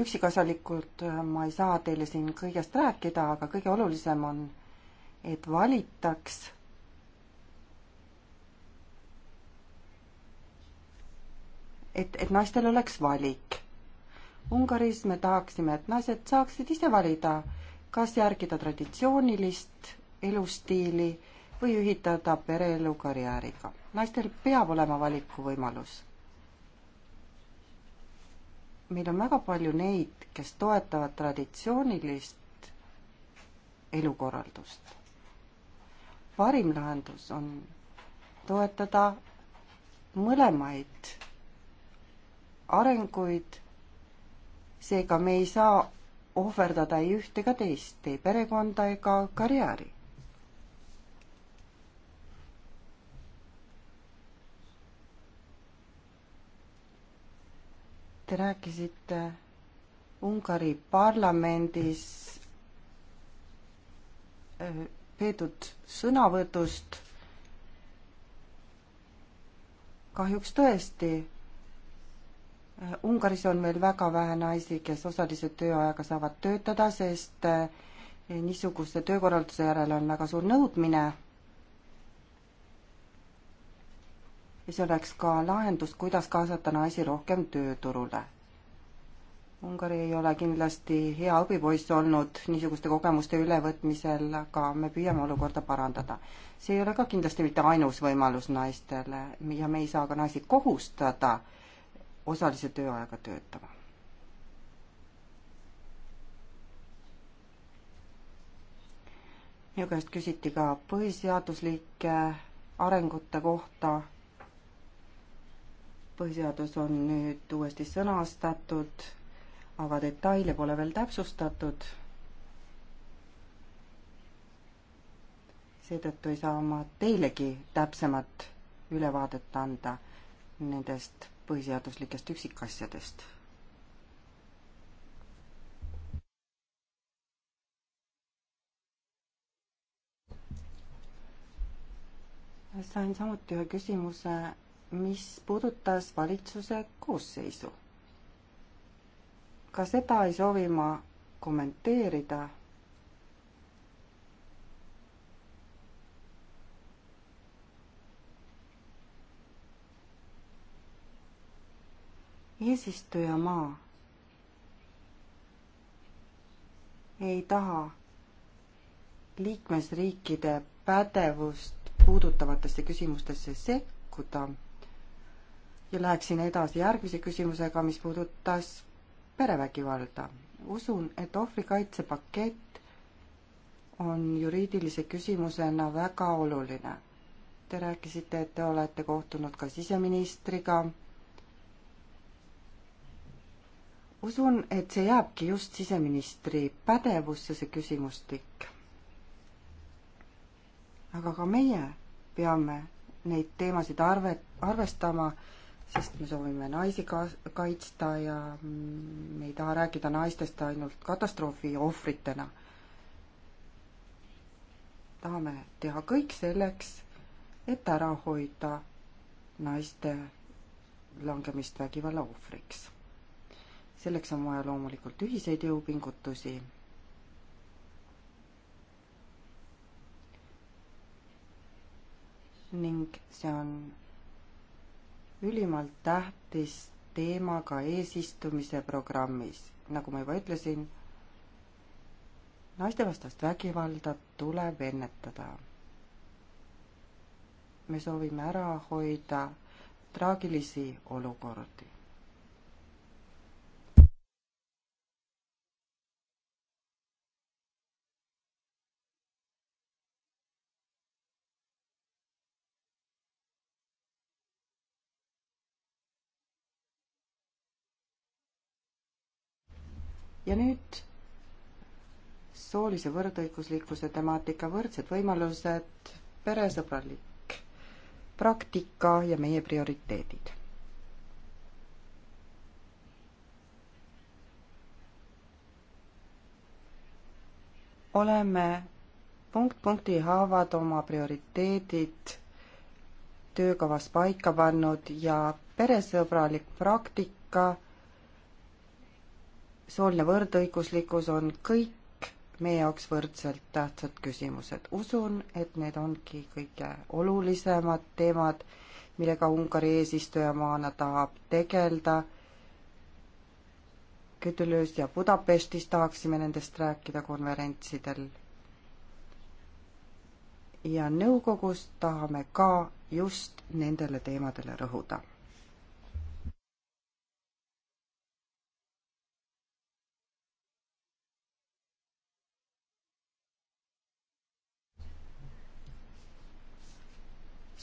üksikasjalikult äh, ma ei saa teile siin kõigest rääkida, aga kõige olulisem on, et valitaks et, et naistel oleks valik. Ungaris me tahaksime, et naised saaksid ise valida, kas järgida traditsioonilist elustiili või ühitada pereelu karjääriga. naistel peab olema valikuvõimalus meil on väga palju neid, kes toetavad traditsioonilist elukorraldust. parim lahendus on toetada mõlemaid arenguid, seega me ei saa ohverdada ei üht ega teist, ei perekonda ega karjääri. Te rääkisite Ungari parlamendis eh, peetud sõnavõtust. kahjuks tõesti, eh, Ungaris on meil väga vähe naisi, kes osalise tööajaga saavad töötada, sest eh, niisuguse töökorralduse järele on väga suur nõudmine ja see oleks ka lahendus, kuidas kaasata naisi rohkem tööturule. Ungari ei ole kindlasti hea õpipoiss olnud niisuguste kogemuste ülevõtmisel, aga me püüame olukorda parandada. see ei ole ka kindlasti mitte ainus võimalus naistele ja me ei saa ka naisi kohustada osalise tööajaga töötama. minu käest küsiti ka põhiseaduslike arengute kohta põhiseadus on nüüd uuesti sõnastatud, aga detaile pole veel täpsustatud. seetõttu ei saa ma teilegi täpsemat ülevaadet anda nendest põhiseaduslikest üksikasjadest sain samuti ühe küsimuse mis puudutas valitsuse koosseisu. ka seda ei soovi ma kommenteerida eesistujamaa ei taha liikmesriikide pädevust puudutavatesse küsimustesse sekkuda ja läheksin edasi järgmise küsimusega, mis puudutas perevägivalda. usun, et ohvrikaitsepakett on juriidilise küsimusena väga oluline. Te rääkisite, et te olete kohtunud ka siseministriga. usun, et see jääbki just siseministri pädevusse, see küsimustik. aga ka meie peame neid teemasid arve, arvestama sest me soovime naisi ka-, kaitsta ja mm, me ei taha rääkida naistest ainult katastroofi ohvritena. tahame teha kõik selleks, et ära hoida naiste langemist vägivalla ohvriks. selleks on vaja loomulikult ühiseid jõupingutusi. ning see on ülimalt tähtis teema ka eesistumise programmis. nagu ma juba ütlesin, naistevastast vägivalda tuleb ennetada. me soovime ära hoida traagilisi olukordi. ja nüüd soolise võrdõiguslikkuse temaatika, võrdsed võimalused, peresõbralik praktika ja meie prioriteedid. oleme punkt punkti haavad oma prioriteedid töökavas paika pannud ja peresõbralik praktika sooline võrdõiguslikkus on kõik meie jaoks võrdselt tähtsad küsimused. usun, et need ongi kõige olulisemad teemad, millega Ungari eesistujamaana tahab tegeleda. Kütülöös ja Budapestis tahaksime nendest rääkida konverentsidel. ja nõukogus tahame ka just nendele teemadele rõhuda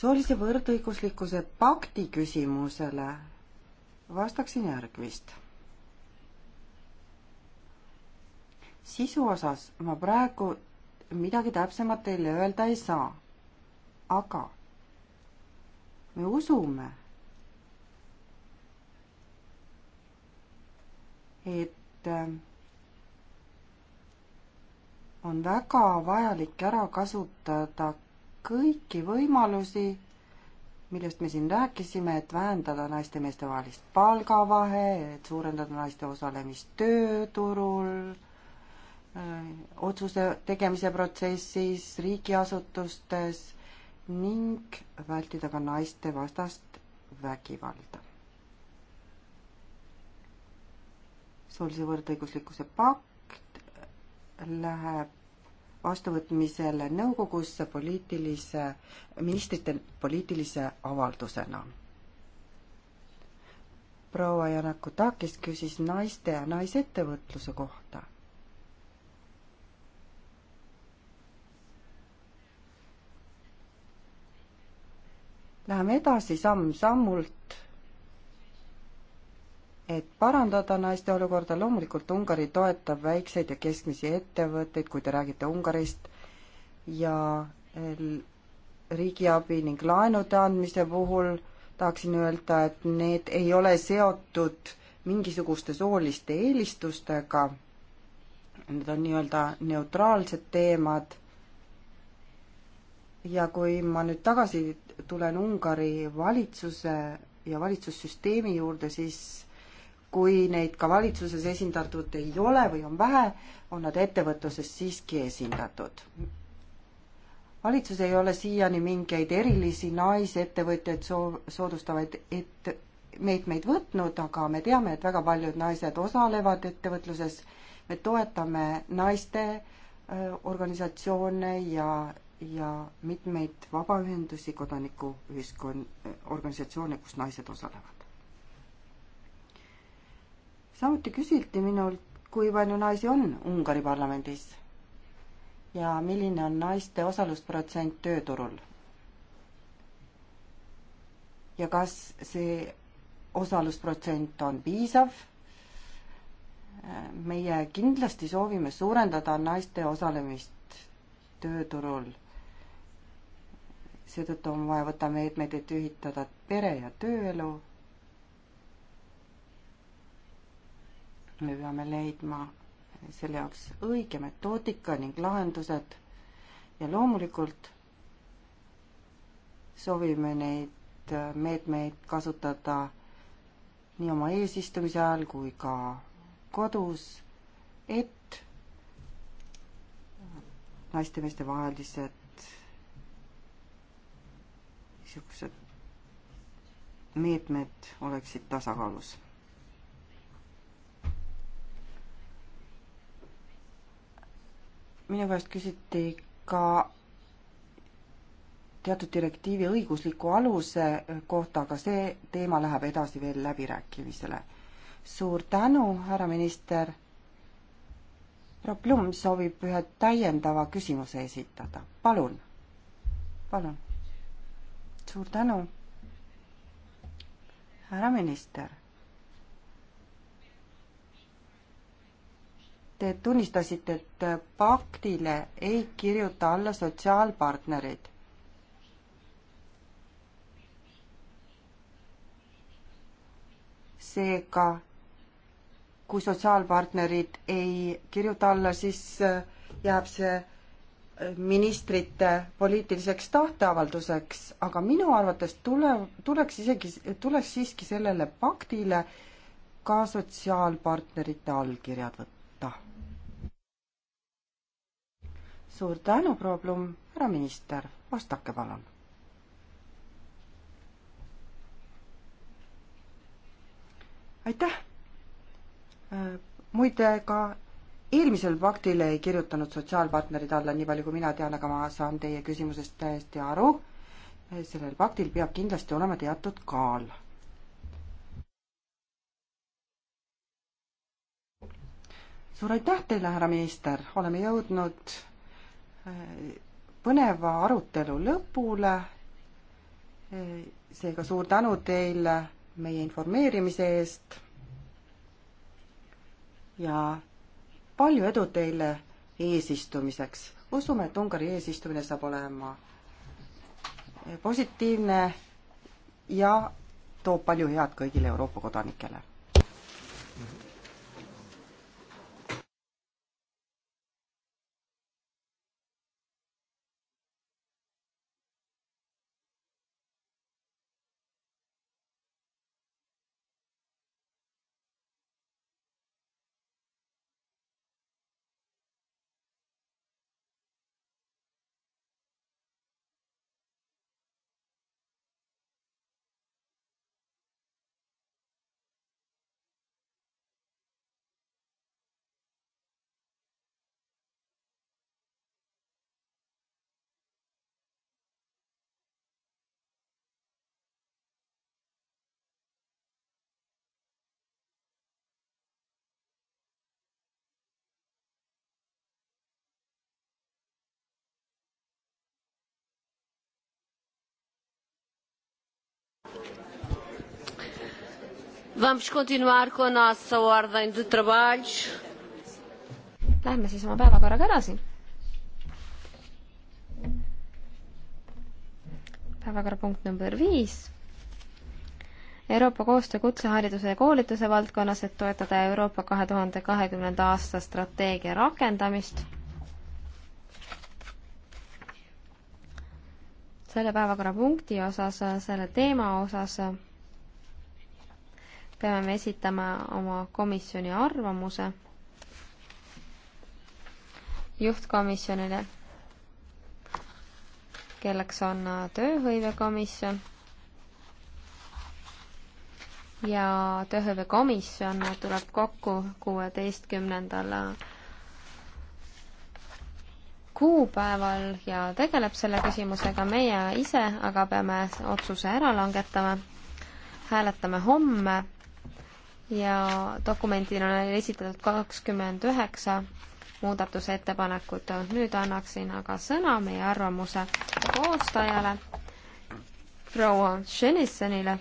soolise võrdõiguslikkuse pakti küsimusele vastaksin järgmist. sisu osas ma praegu midagi täpsemat teile öelda ei saa. aga me usume, et äh, on väga vajalik ära kasutada kõiki võimalusi, millest me siin rääkisime, et vähendada naiste ja meeste vahelist palgavahe, et suurendada naiste osalemist tööturul, otsuse tegemise protsessis, riigiasutustes ning vältida ka naiste vastast vägivalda. soolise võrdõiguslikkuse pakt läheb vastuvõtmisele nõukogusse poliitilise, ministrite poliitilise avaldusena. proua Janakutakis küsis naiste ja naisettevõtluse kohta. Läheme edasi samm-sammult et parandada naiste olukorda, loomulikult Ungari toetab väikseid ja keskmisi ettevõtteid, kui te räägite Ungarist, ja eh, riigiabi ning laenude andmise puhul tahaksin öelda, et need ei ole seotud mingisuguste sooliste eelistustega, need on nii-öelda neutraalsed teemad ja kui ma nüüd tagasi tulen Ungari valitsuse ja valitsussüsteemi juurde, siis kui neid ka valitsuses esindatud ei ole või on vähe, on nad ettevõtluses siiski esindatud. valitsus ei ole siiani mingeid erilisi naisettevõtjaid soo-, soodustavaid et-, meetmeid võtnud, aga me teame, et väga paljud naised osalevad ettevõtluses, me toetame naiste äh, organisatsioone ja, ja mitmeid vabaühendusi, kodanikuühiskon-, organisatsioone, kus naised osalevad samuti küsiti minult, kui palju naisi on Ungari parlamendis ja milline on naiste osalusprotsent tööturul. ja kas see osalusprotsent on piisav? meie kindlasti soovime suurendada naiste osalemist tööturul. seetõttu on vaja võtta meetmeid, et ühitada pere ja tööelu me peame leidma selle jaoks õige metoodika ning lahendused ja loomulikult soovime neid meetmeid kasutada nii oma eesistumise ajal kui ka kodus, et naiste ja meeste vahelised niisugused meetmed oleksid tasakaalus minu käest küsiti ka teatud direktiivi õigusliku aluse kohta, aga see teema läheb edasi veel läbirääkimisele. suur tänu, härra minister. härra Blum soovib ühe täiendava küsimuse esitada, palun, palun. suur tänu, härra minister Te tunnistasite, et paktile ei kirjuta alla sotsiaalpartnerid. seega, kui sotsiaalpartnerid ei kirjuta alla, siis äh, jääb see äh, ministrite poliitiliseks tahteavalduseks, aga minu arvates tule, tuleks isegi, tuleks siiski sellele paktile ka sotsiaalpartnerite allkirjad võtta. suur tänu, proua Blum, härra minister, vastake palun. aitäh. Äh, muide, ka eelmisel paktile ei kirjutanud sotsiaalpartnerid alla, nii palju kui mina tean, aga ma saan teie küsimusest täiesti aru. Äh, sellel paktil peab kindlasti olema teatud kaal. suur aitäh teile, härra minister, oleme jõudnud põneva arutelu lõpule. seega suur tänu teile meie informeerimise eest. ja palju edu teile eesistumiseks. usume, et Ungari eesistumine saab olema positiivne ja toob palju head kõigile Euroopa kodanikele. Vamos continuar com a nossa ordem de trabalhos. Lähme siis oma päevakorraga edasi. päevakorrapunkt number viis. Euroopa koostöö kutsehariduse ja koolituse valdkonnas, et toetada Euroopa kahe tuhande kahekümnenda aasta strateegia rakendamist selle päevakorrapunkti osas, selle teema osas peame me esitama oma komisjoni arvamuse juhtkomisjonile, kelleks on tööhõivekomisjon ja tööhõivekomisjon tuleb kokku kuueteistkümnendal kuupäeval ja tegeleb selle küsimusega, meie ise aga peame otsuse ära langetama, hääletame homme ja dokumendil on esitatud kakskümmend üheksa muudatusettepanekut. nüüd annaksin aga sõna meie arvamuse koostajale, proua Shenissonile,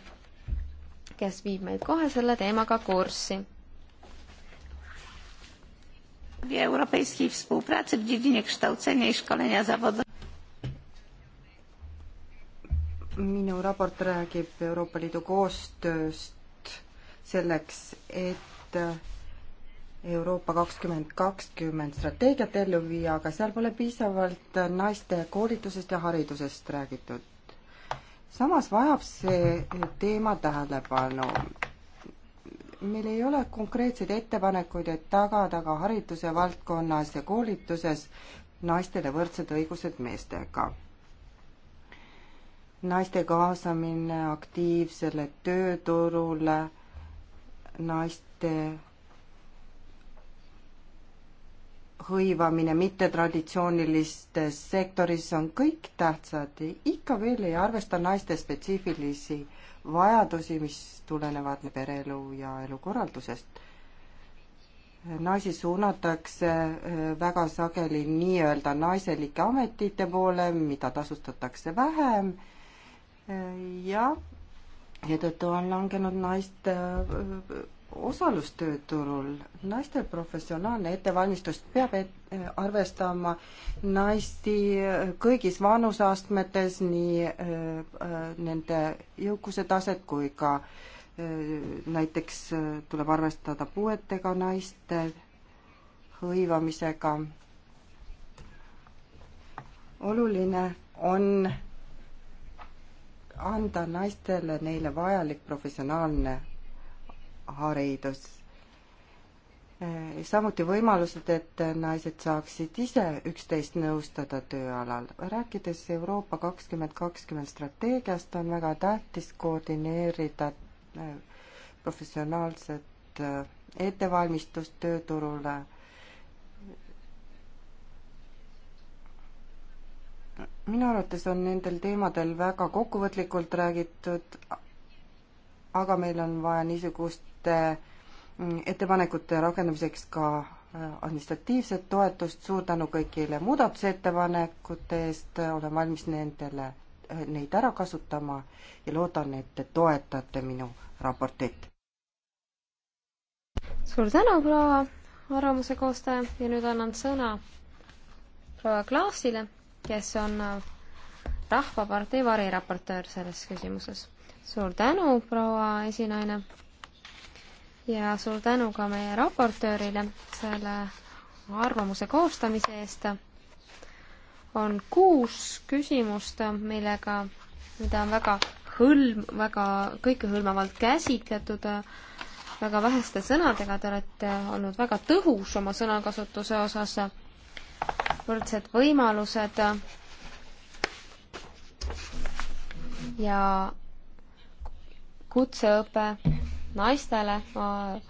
kes viib meid kohe selle teemaga kurssi europejskiej współpracy w dziedzinie kształcenia i szkolenia zawodowego. minu raport räägib Euroopa Liidu koostööst selleks, et Euroopa kakskümmend kakskümmend strateegiat ellu viia, aga seal pole piisavalt naiste koolitusest ja haridusest räägitud. samas vajab see teema tähelepanu meil ei ole konkreetseid ettepanekuid, et tagada ka hariduse valdkonnas ja koolituses naistele võrdsed õigused meestega. naiste kaasamine aktiivsele tööturule, naiste hõivamine mittetraditsioonilistes sektoris on kõik tähtsad, ikka veel ei arvesta naiste spetsiifilisi vajadusi, mis tulenevad pereelu ja elukorraldusest naisi suunatakse äh, väga sageli nii-öelda naiselike ametite poole, mida tasustatakse vähem äh, ja seetõttu on langenud naiste äh, osalus tööturul, naiste professionaalne ettevalmistus peab et, arvestama naisi kõigis vanuseastmetes, nii äh, äh, nende jõukuse taset kui ka äh, näiteks äh, tuleb arvestada puuetega naiste hõivamisega. oluline on anda naistele neile vajalik professionaalne haridus. Eh, samuti võimalused, et naised saaksid ise üksteist nõustada tööalal. rääkides Euroopa kakskümmend kakskümmend strateegiast, on väga tähtis koordineerida eh, professionaalset eh, ettevalmistust tööturule minu arvates on nendel teemadel väga kokkuvõtlikult räägitud, aga meil on vaja niisugust nende mm, ettepanekute rakendamiseks ka äh, administratiivset toetust, suur tänu kõigile muudatusettepanekute eest, olen valmis nendele, äh, neid ära kasutama ja loodan, et te toetate minu raportit. suur tänu, proua arvamuse koostaja ja nüüd annan sõna proua Klaasile, kes on äh, Rahvapartei variraportöör selles küsimuses. suur tänu, proua esinaine ja suur tänu ka meie raportöörile selle arvamuse koostamise eest. on kuus küsimust, millega, mida on väga hõlm, väga kõikehõlmavalt käsitletud, väga väheste sõnadega, te olete olnud väga tõhus oma sõnakasutuse osas, võrdsed võimalused ja kutseõpe naistele äh,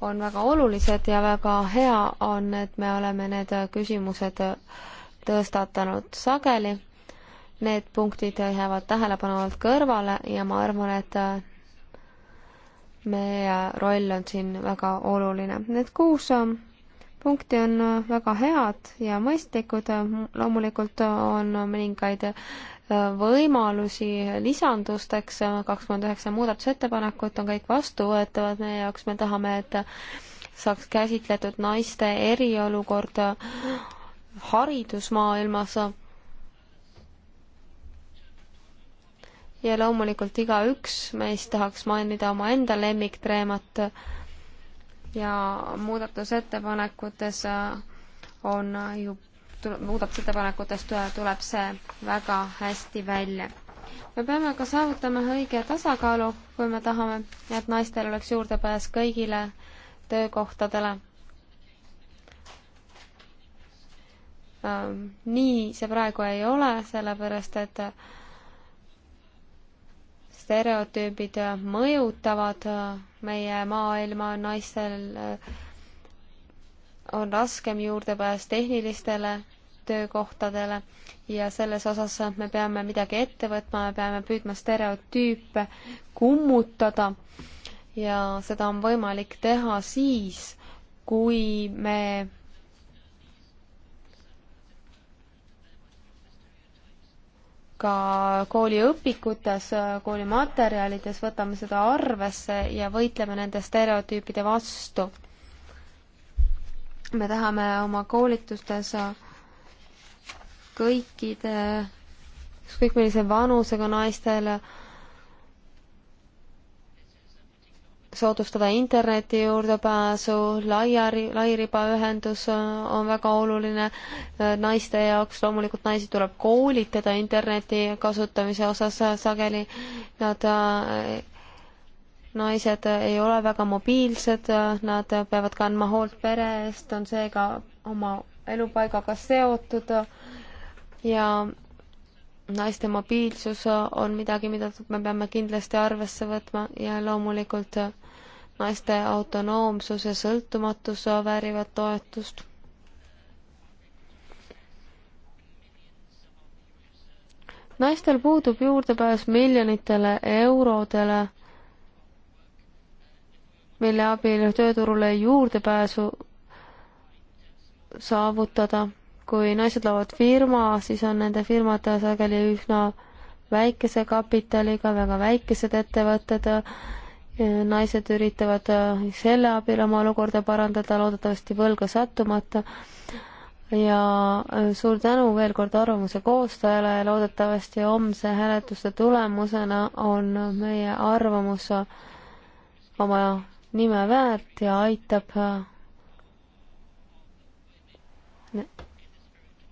on väga olulised ja väga hea on, et me oleme need küsimused tõstatanud sageli. Need punktid jäävad tähelepanu alt kõrvale ja ma arvan, et äh, meie roll on siin väga oluline. Need kuus äh, punkti on väga head ja mõistlikud, loomulikult on mõningaid võimalusi lisandusteks, kakskümmend üheksa muudatusettepanekut on kõik vastuvõetavad meie jaoks, me tahame, et saaks käsitletud naiste eriolukorda haridusmaailmas ja loomulikult igaüks meist tahaks mainida omaenda lemmikteemat ja muudatusettepanekutes on ju muudatusettepanekutest tuleb see väga hästi välja. me peame ka saavutama õige tasakaalu, kui me tahame, et naistel oleks juurdepääs kõigile töökohtadele. nii see praegu ei ole, sellepärast et stereotüübid mõjutavad meie maailma naistel äh, on raskem juurdepääs tehnilistele töökohtadele ja selles osas me peame midagi ette võtma, me peame püüdma stereotüüpe kummutada ja seda on võimalik teha siis, kui me ka kooliõpikutes, koolimaterjalides võtame seda arvesse ja võitleme nende stereotüüpide vastu me tahame oma koolitustes kõikide, ükskõik millise vanusega naistele soodustada interneti juurdepääsu, laia, lairibaühendus on väga oluline naiste jaoks, loomulikult naisi tuleb koolitada interneti kasutamise osas sageli, nad äh, naised ei ole väga mobiilsed, nad peavad kandma hoolt pere eest, on seega oma elupaigaga seotud ja naiste mobiilsus on midagi, mida me peame kindlasti arvesse võtma ja loomulikult naiste autonoomsus ja sõltumatus väärivad toetust. naistel puudub juurdepääs miljonitele eurodele mille abil tööturule juurdepääsu saavutada. kui naised loovad firma, siis on nende firmad sageli üsna väikese kapitaliga, väga väikesed ettevõtted, naised üritavad selle abil oma olukorda parandada, loodetavasti võlga sattumata, ja suur tänu veel kord arvamuse koostajale ja loodetavasti homse hääletuste tulemusena on meie arvamus oma nime väärt ja aitab äh,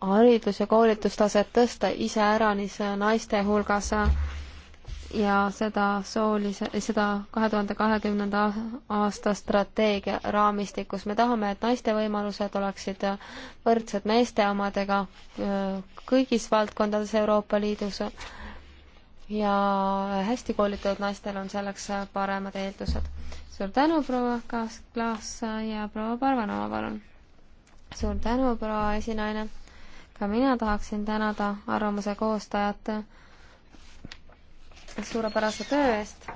haridus- ja koolitustaset tõsta iseäranis äh, naiste hulgas äh, ja seda soolise, seda kahe tuhande kahekümnenda aasta strateegia raamistikus. me tahame, et naiste võimalused oleksid võrdsed meeste omadega kõigis valdkondades Euroopa Liidus ja hästi koolitatud naistel on selleks paremad eeldused suur tänu, proua Kaas-Klaas ja proua Parvanova, palun. suur tänu, proua esinaine. ka mina tahaksin tänada arvamuse koostajat suurepärase töö eest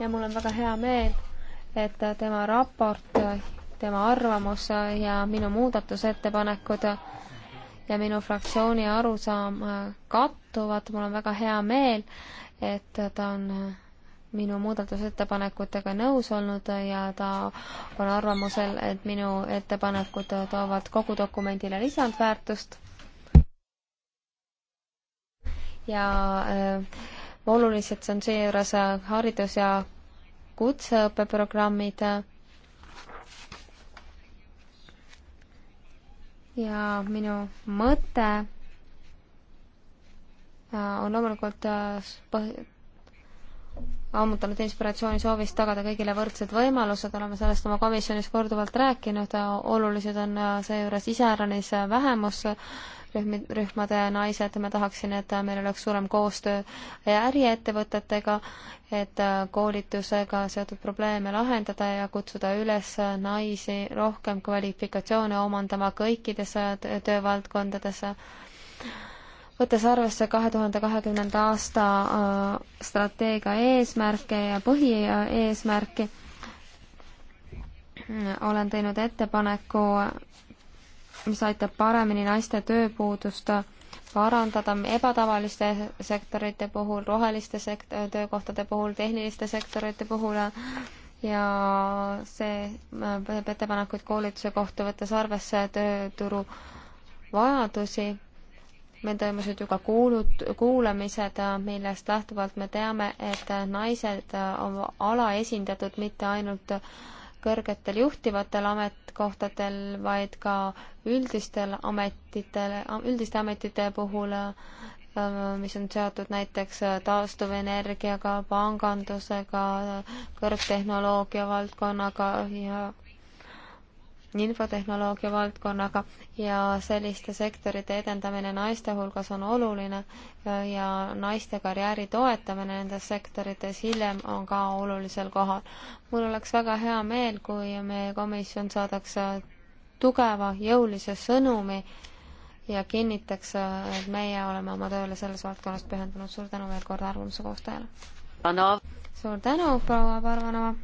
ja mul on väga hea meel, et tema raport, tema arvamus ja minu muudatusettepanekud ja minu fraktsiooni arusaam kattuvad, mul on väga hea meel, et ta on minu muudatusettepanekutega nõus olnud ja ta on arvamusel, et minu ettepanekud toovad kogu dokumendile lisandväärtust. ja äh, olulised on seejuures haridus- ja kutseõppeprogrammid ja minu mõte äh, on loomulikult äh, põh-, ammutanud inspiratsiooni soovist tagada kõigile võrdsed võimalused, oleme sellest oma komisjonis korduvalt rääkinud, olulised on äh, seejuures iseäranis äh, vähemusrühmi, rühmade naised, ma tahaksin, et äh, meil oleks suurem koostöö äriettevõtetega, et koolitusega seotud probleeme lahendada ja kutsuda üles naisi rohkem kvalifikatsioone omandama kõikides töövaldkondades võttes arvesse kahe tuhande kahekümnenda aasta äh, strateegia eesmärke ja põhieesmärki, olen teinud ettepaneku, mis aitab paremini naiste tööpuudust parandada ebatavaliste sektorite puhul, roheliste sekt-, töökohtade puhul, tehniliste sektorite puhul ja see teeb äh, ettepanekuid koolituse kohta, võttes arvesse tööturu vajadusi meil toimusid ju ka kuulut-, kuulamised, millest lähtuvalt me teame, et naised on alaesindatud mitte ainult kõrgetel juhtivatel ametikohtadel, vaid ka üldistel ametitel, üldiste ametite puhul, mis on seotud näiteks taastuvenergiaga, pangandusega, kõrgtehnoloogia valdkonnaga ja infotehnoloogia valdkonnaga ja selliste sektorite edendamine naiste hulgas on oluline ja naiste karjääri toetamine nendes sektorites hiljem on ka olulisel kohal. mul oleks väga hea meel, kui meie komisjon saadaks tugeva, jõulise sõnumi ja kinnitaks, et meie oleme oma tööle selles valdkonnas pühendunud. suur tänu veel kord arvamuse koostajale. suur tänu, proua Parvanova.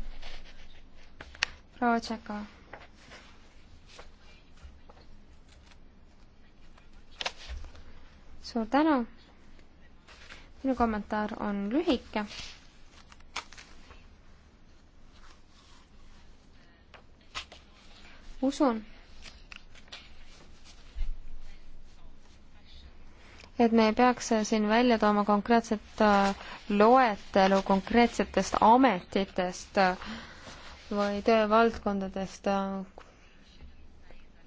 proua Tšekova suur tänu. minu kommentaar on lühike. usun, et me ei peaks siin välja tooma konkreetset äh, loetelu konkreetsetest ametitest äh, või töövaldkondadest, äh,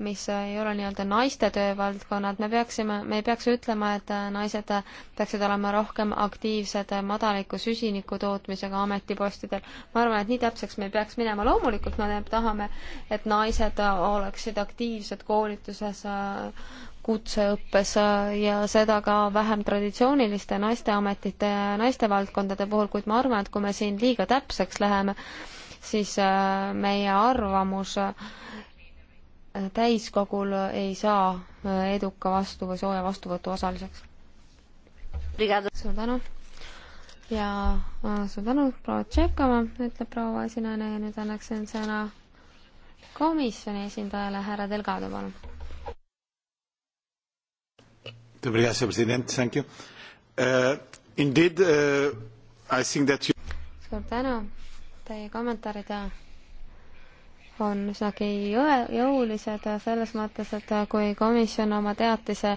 mis ei ole nii-öelda naiste töövaldkonnad, me peaksime, me ei peaks ütlema, et äh, naised äh, peaksid olema rohkem aktiivsed äh, madaliku süsiniku tootmisega ametipostidel. ma arvan, et nii täpseks me ei peaks minema, loomulikult me tahame, et naised oleksid aktiivsed koolituses, kutseõppes ja seda ka vähem traditsiooniliste naisteametite ja naistevaldkondade puhul, kuid ma arvan, et kui me siin liiga täpseks läheme, siis meie arvamus täiskogul ei saa eduka vastu või sooja vastuvõtu osaliseks. suur tänu! ja äh, suur tänu, proua Tšekova, ütleb proua esinaine ja nüüd annaksin sõna komisjoni esindajale, härra Delgado, palun. Uh, uh, suur tänu teie kommentaarid ja on üsnagi jõulised selles mõttes, et kui komisjon oma teatise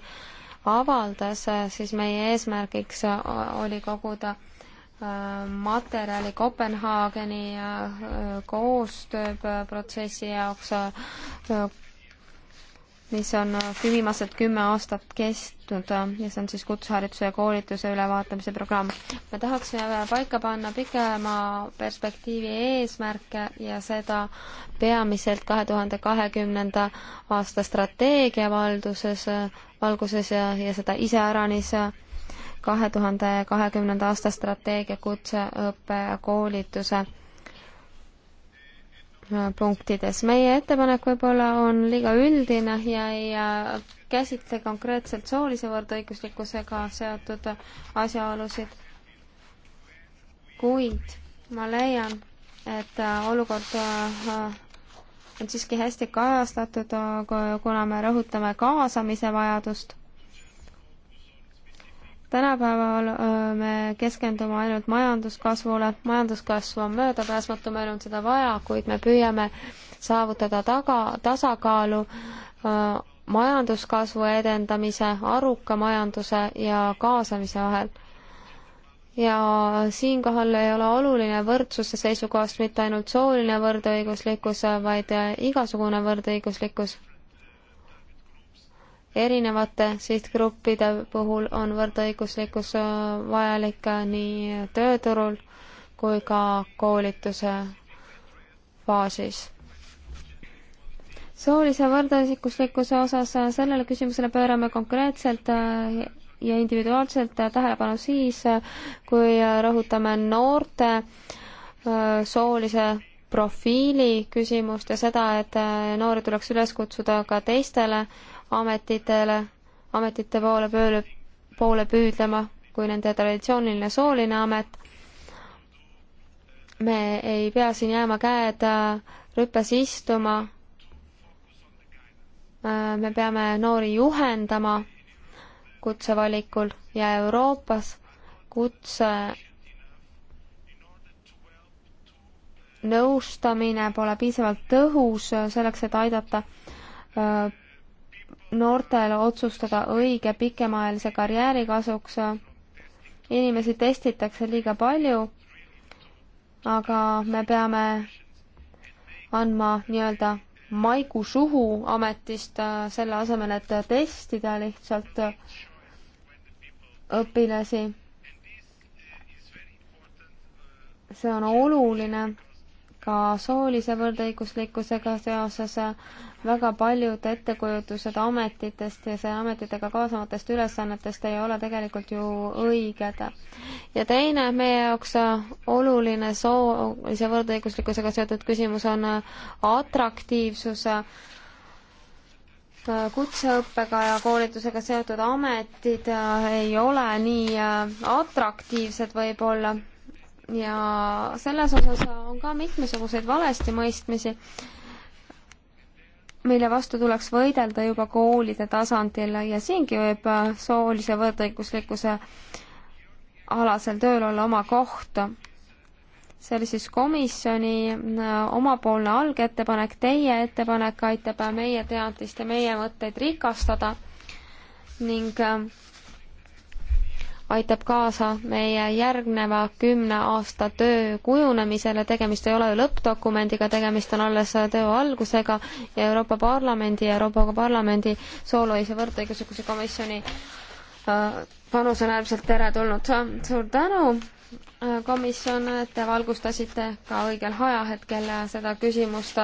avaldas, siis meie eesmärgiks oli koguda äh, materjali Kopenhaageni äh, koostööprotsessi jaoks äh, mis on äh, viimased kümme aastat kestnud äh, ja see on siis kutsehariduse ja koolituse ülevaatamise programm. me tahaksime äh, paika panna pikema perspektiivi eesmärke ja seda peamiselt kahe tuhande kahekümnenda aasta strateegia valduses, valguses ja, ja seda iseäranis kahe tuhande kahekümnenda aasta strateegia kutseõppe ja koolituse Äh, punktides. meie ettepanek võib-olla on liiga üldine ja ei äh, käsitle konkreetselt soolise võrdõiguslikkusega seotud asjaolusid, kuid ma leian, et äh, olukord on siiski hästi kajastatud, kuna me rõhutame kaasamise vajadust tänapäeval me keskendume ainult majanduskasvule, majanduskasvu on möödapääsmatu, meil on seda vaja, kuid me püüame saavutada taga, tasakaalu öö, majanduskasvu edendamise, aruka majanduse ja kaasamise vahel. ja siinkohal ei ole oluline võrdsuse seisukohast mitte ainult sooline võrdõiguslikkus, vaid igasugune võrdõiguslikkus erinevate sihtgruppide puhul on võrdõiguslikkus äh, vajalik äh, nii tööturul kui ka koolituse faasis. soolise võrdõiguslikkuse osas äh, sellele küsimusele pöörame konkreetselt ja individuaalselt tähelepanu siis, kui rõhutame noorte soolise profiili küsimust ja seda, et noori tuleks üles kutsuda ka teistele äh, ametitele, ametite poole pööle, poole püüdlema kui nende traditsiooniline sooline amet. me ei pea siin jääma käed äh, rüpes istuma. Äh, me peame noori juhendama kutse valikul ja Euroopas kutse nõustamine pole piisavalt tõhus selleks, et aidata äh, noortel otsustada õige pikemaajalise karjääri kasuks. inimesi testitakse liiga palju, aga me peame andma nii-öelda maigu suhu ametist, äh, selle asemel, et testida lihtsalt äh, õpilasi. see on oluline ka soolise võrdõiguslikkusega seoses väga paljud ettekujutused ametitest ja see ametitega kaasamatest ülesannetest ei ole tegelikult ju õiged. ja teine meie jaoks oluline soolise võrdõiguslikkusega seotud küsimus on atraktiivsus kutseõppega ja koolitusega seotud ametid ei ole nii atraktiivsed võib-olla ja selles osas on ka mitmesuguseid valesti mõistmisi mille vastu tuleks võidelda juba koolide tasandil ja siingi võib äh, soolise võrdõiguslikkuse alasel tööl olla oma koht. see oli siis komisjoni äh, omapoolne algettepanek, teie ettepanek aitab äh, meie teadmist ja meie mõtteid rikastada ning äh, aitab kaasa meie järgneva kümne aasta töö kujunemisele, tegemist ei ole ju lõppdokumendiga, tegemist on alles töö algusega ja Euroopa Parlamendi ja Euroopa Parlamendi soolõise võrdõiguslikkuse komisjoni äh, panus on äärmiselt teretulnud. suur tänu, äh, komisjon, et te valgustasite ka õigel ajahetkel seda küsimust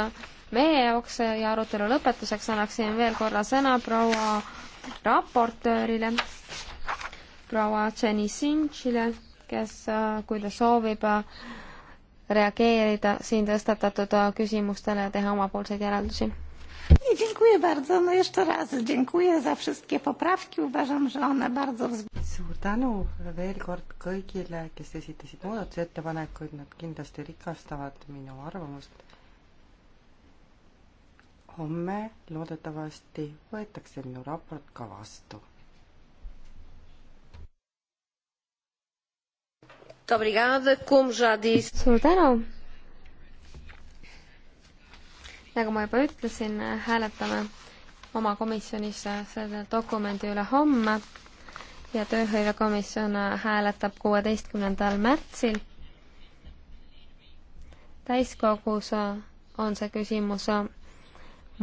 meie jaoks ja arutelu lõpetuseks annaksin veel korra sõna proua raportöörile proua Tšenisinšile, kes, äh, kui ta soovib äh, reageerida siin tõstatatud äh, küsimustele ja teha omapoolseid järeldusi. Dziękuję bardzo. No jeszcze raz dziękuję za wszystkie poprawki. Uważam, że one bardzo Suur tänu veel kord kõigile, kes esitasid muudatusettepanekuid. Nad kindlasti rikastavad minu arvamust. Homme loodetavasti võetakse minu raport ka vastu. suur tänu! nagu ma juba ütlesin, hääletame oma komisjonis selle dokumendi üle homme ja tööhõivekomisjon hääletab kuueteistkümnendal märtsil. täiskogus on see küsimus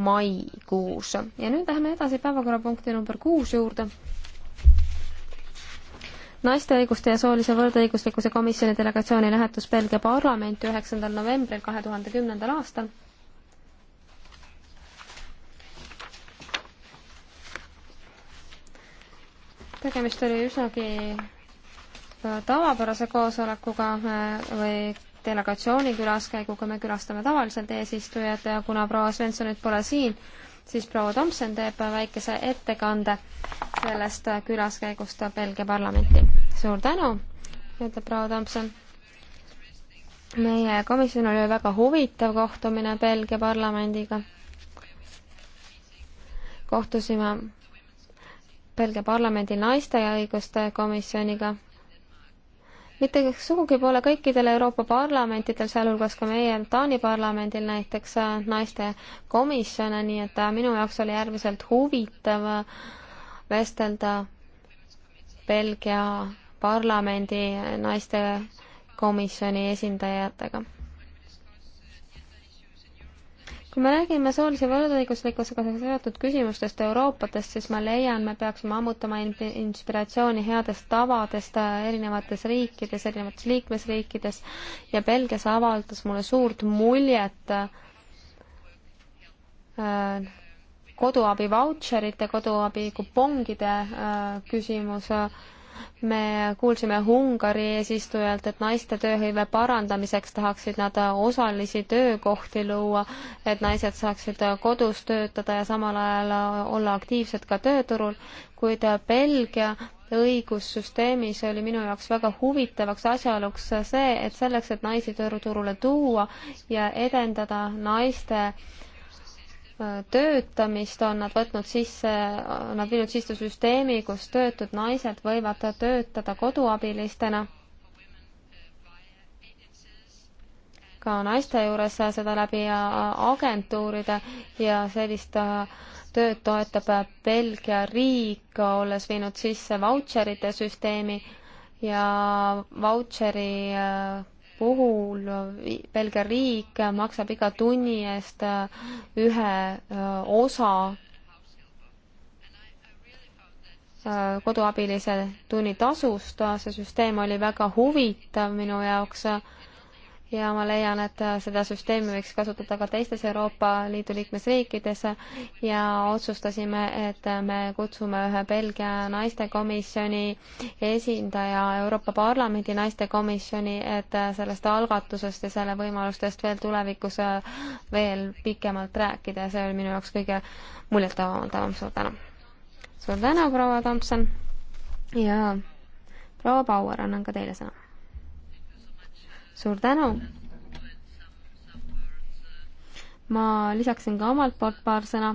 maikuus ja nüüd läheme edasi päevakorrapunkti number kuus juurde naiste õiguste ja soolise võrdõiguslikkuse komisjoni delegatsiooni lähetus Belgia parlamenti üheksandal novembril kahe tuhande kümnendal aastal. tegemist oli üsnagi äh, tavapärase koosolekuga äh, või delegatsiooni külaskäiguga, me külastame tavaliselt eesistujat ja kuna proua Svensonit pole siin, siis proua Tomson teeb väikese ettekande sellest külaskäigust Belgia parlamenti. suur tänu, ütleb proua Tomson. meie komisjon oli väga huvitav kohtumine Belgia parlamendiga. kohtusime Belgia parlamendi naiste ja õiguste komisjoniga mitte sugugi pole kõikidel Euroopa parlamentidel, sealhulgas ka meie Taani parlamendil näiteks äh, naiste komisjone, nii et äh, minu jaoks oli äärmiselt huvitav äh, vestelda Belgia parlamendi naiste komisjoni esindajatega kui me räägime soolise võrdõiguslikkusega seotud küsimustest Euroopatest, siis ma leian, me peaksime ammutama inspiratsiooni headest tavadest äh, erinevates riikides, erinevates liikmesriikides ja Belgias avaldas mulle suurt muljet äh, koduabi vautšerite, koduabi kupongide äh, küsimus me kuulsime Ungari eesistujalt, et naiste tööhõive parandamiseks tahaksid nad osalisi töökohti luua, et naised saaksid kodus töötada ja samal ajal olla aktiivsed ka tööturul, kuid Belgia õigussüsteemis oli minu jaoks väga huvitavaks asjaoluks see, et selleks, et naisi tööturule tuua ja edendada naiste töötamist on nad võtnud sisse, nad viinud sisse süsteemi, kus töötud naised võivad töötada koduabilistena. ka naiste juures seda läbi agentuuride ja sellist tööd toetab Belgia riik, olles viinud sisse vautšerite süsteemi ja vautšeri puhul Belgia riik maksab iga tunni eest äh, ühe äh, osa äh, koduabilise tunnitasust, see süsteem oli väga huvitav minu jaoks ja ma leian, et äh, seda süsteemi võiks kasutada ka teistes Euroopa Liidu liikmesriikides ja otsustasime, et äh, me kutsume ühe Belgia naistekomisjoni esindaja Euroopa Parlamendi naistekomisjoni, et äh, sellest algatusest ja selle võimalustest veel tulevikus veel pikemalt rääkida ja see oli minu jaoks kõige muljetavaldavam, suur tänu. suur tänu, proua Tomson ja proua Bauer, annan ka teile sõna suur tänu! ma lisaksin ka omalt poolt paar sõna.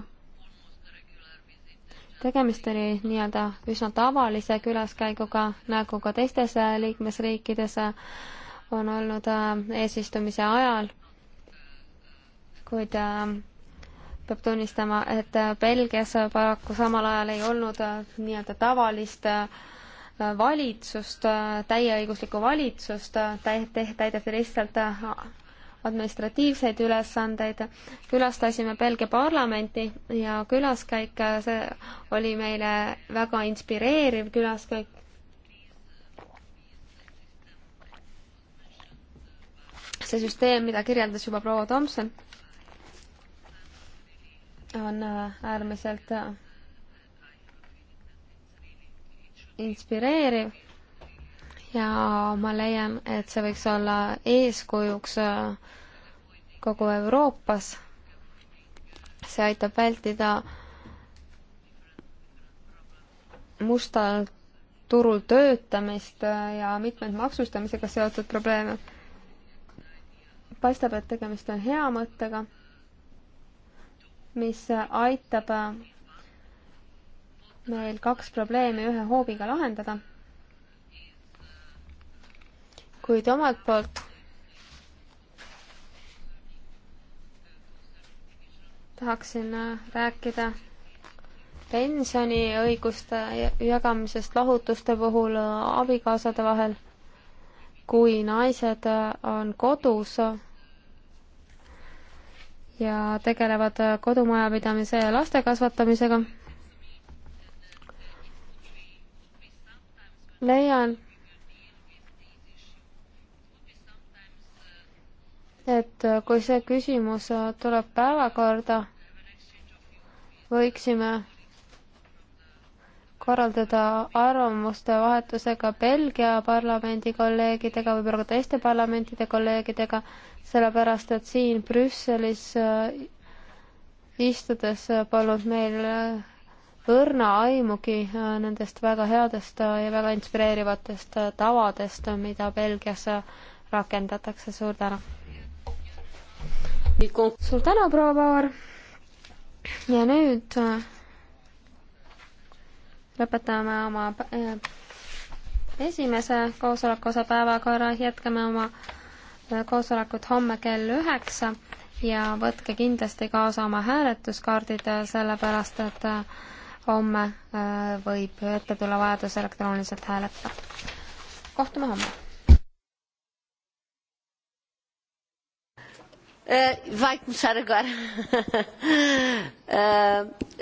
tegemist oli nii-öelda üsna tavalise külaskäiguga, nagu ka teistes äh, liikmesriikides äh, on olnud äh, eesistumise ajal, kuid peab tunnistama, et Belgias paraku samal ajal ei olnud nii-öelda tavalist äh, valitsust, täieõiguslikku valitsust, täideti lihtsalt äh, administratiivseid ülesandeid. külastasime Belgia parlamenti ja külaskäik, äh, see oli meile väga inspireeriv külaskäik. see süsteem, mida kirjeldas juba proua Tomson, on äh, äärmiselt inspireeriv ja ma leian, et see võiks olla eeskujuks äh, kogu Euroopas. see aitab vältida mustal turul töötamist äh, ja mitmeid maksustamisega seotud probleeme. paistab, et tegemist on hea mõttega, mis aitab äh, meil kaks probleemi ühe hoobiga lahendada. kuid omalt poolt tahaksin äh, rääkida pensioniõiguste jagamisest lahutuste puhul äh, abikaasade vahel. kui naised äh, on kodus ja tegelevad kodumajapidamise ja laste kasvatamisega leian, et kui see küsimus tuleb päevakorda, võiksime korraldada arvamuste vahetusega Belgia parlamendi kolleegidega, võib-olla ka teiste parlamentide kolleegidega, sellepärast et siin Brüsselis äh, istudes polnud meil äh, õrna aimugi äh, nendest väga headest äh, ja väga inspireerivatest äh, tavadest, mida Belgias rakendatakse. suur tänu! suur tänu, proua Paar! ja nüüd lõpetame oma esimese koosoleku osa päevakorra, jätkame oma koosolekut homme kell üheksa ja võtke kindlasti kaasa oma hääletuskaardid, sellepärast et homme äh, võib ette tulla vajadus elektrooniliselt hääletada. kohtume homme. Vai começar agora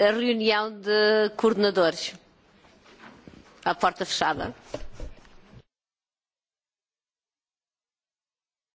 a reunião de coordenadores, à porta fechada.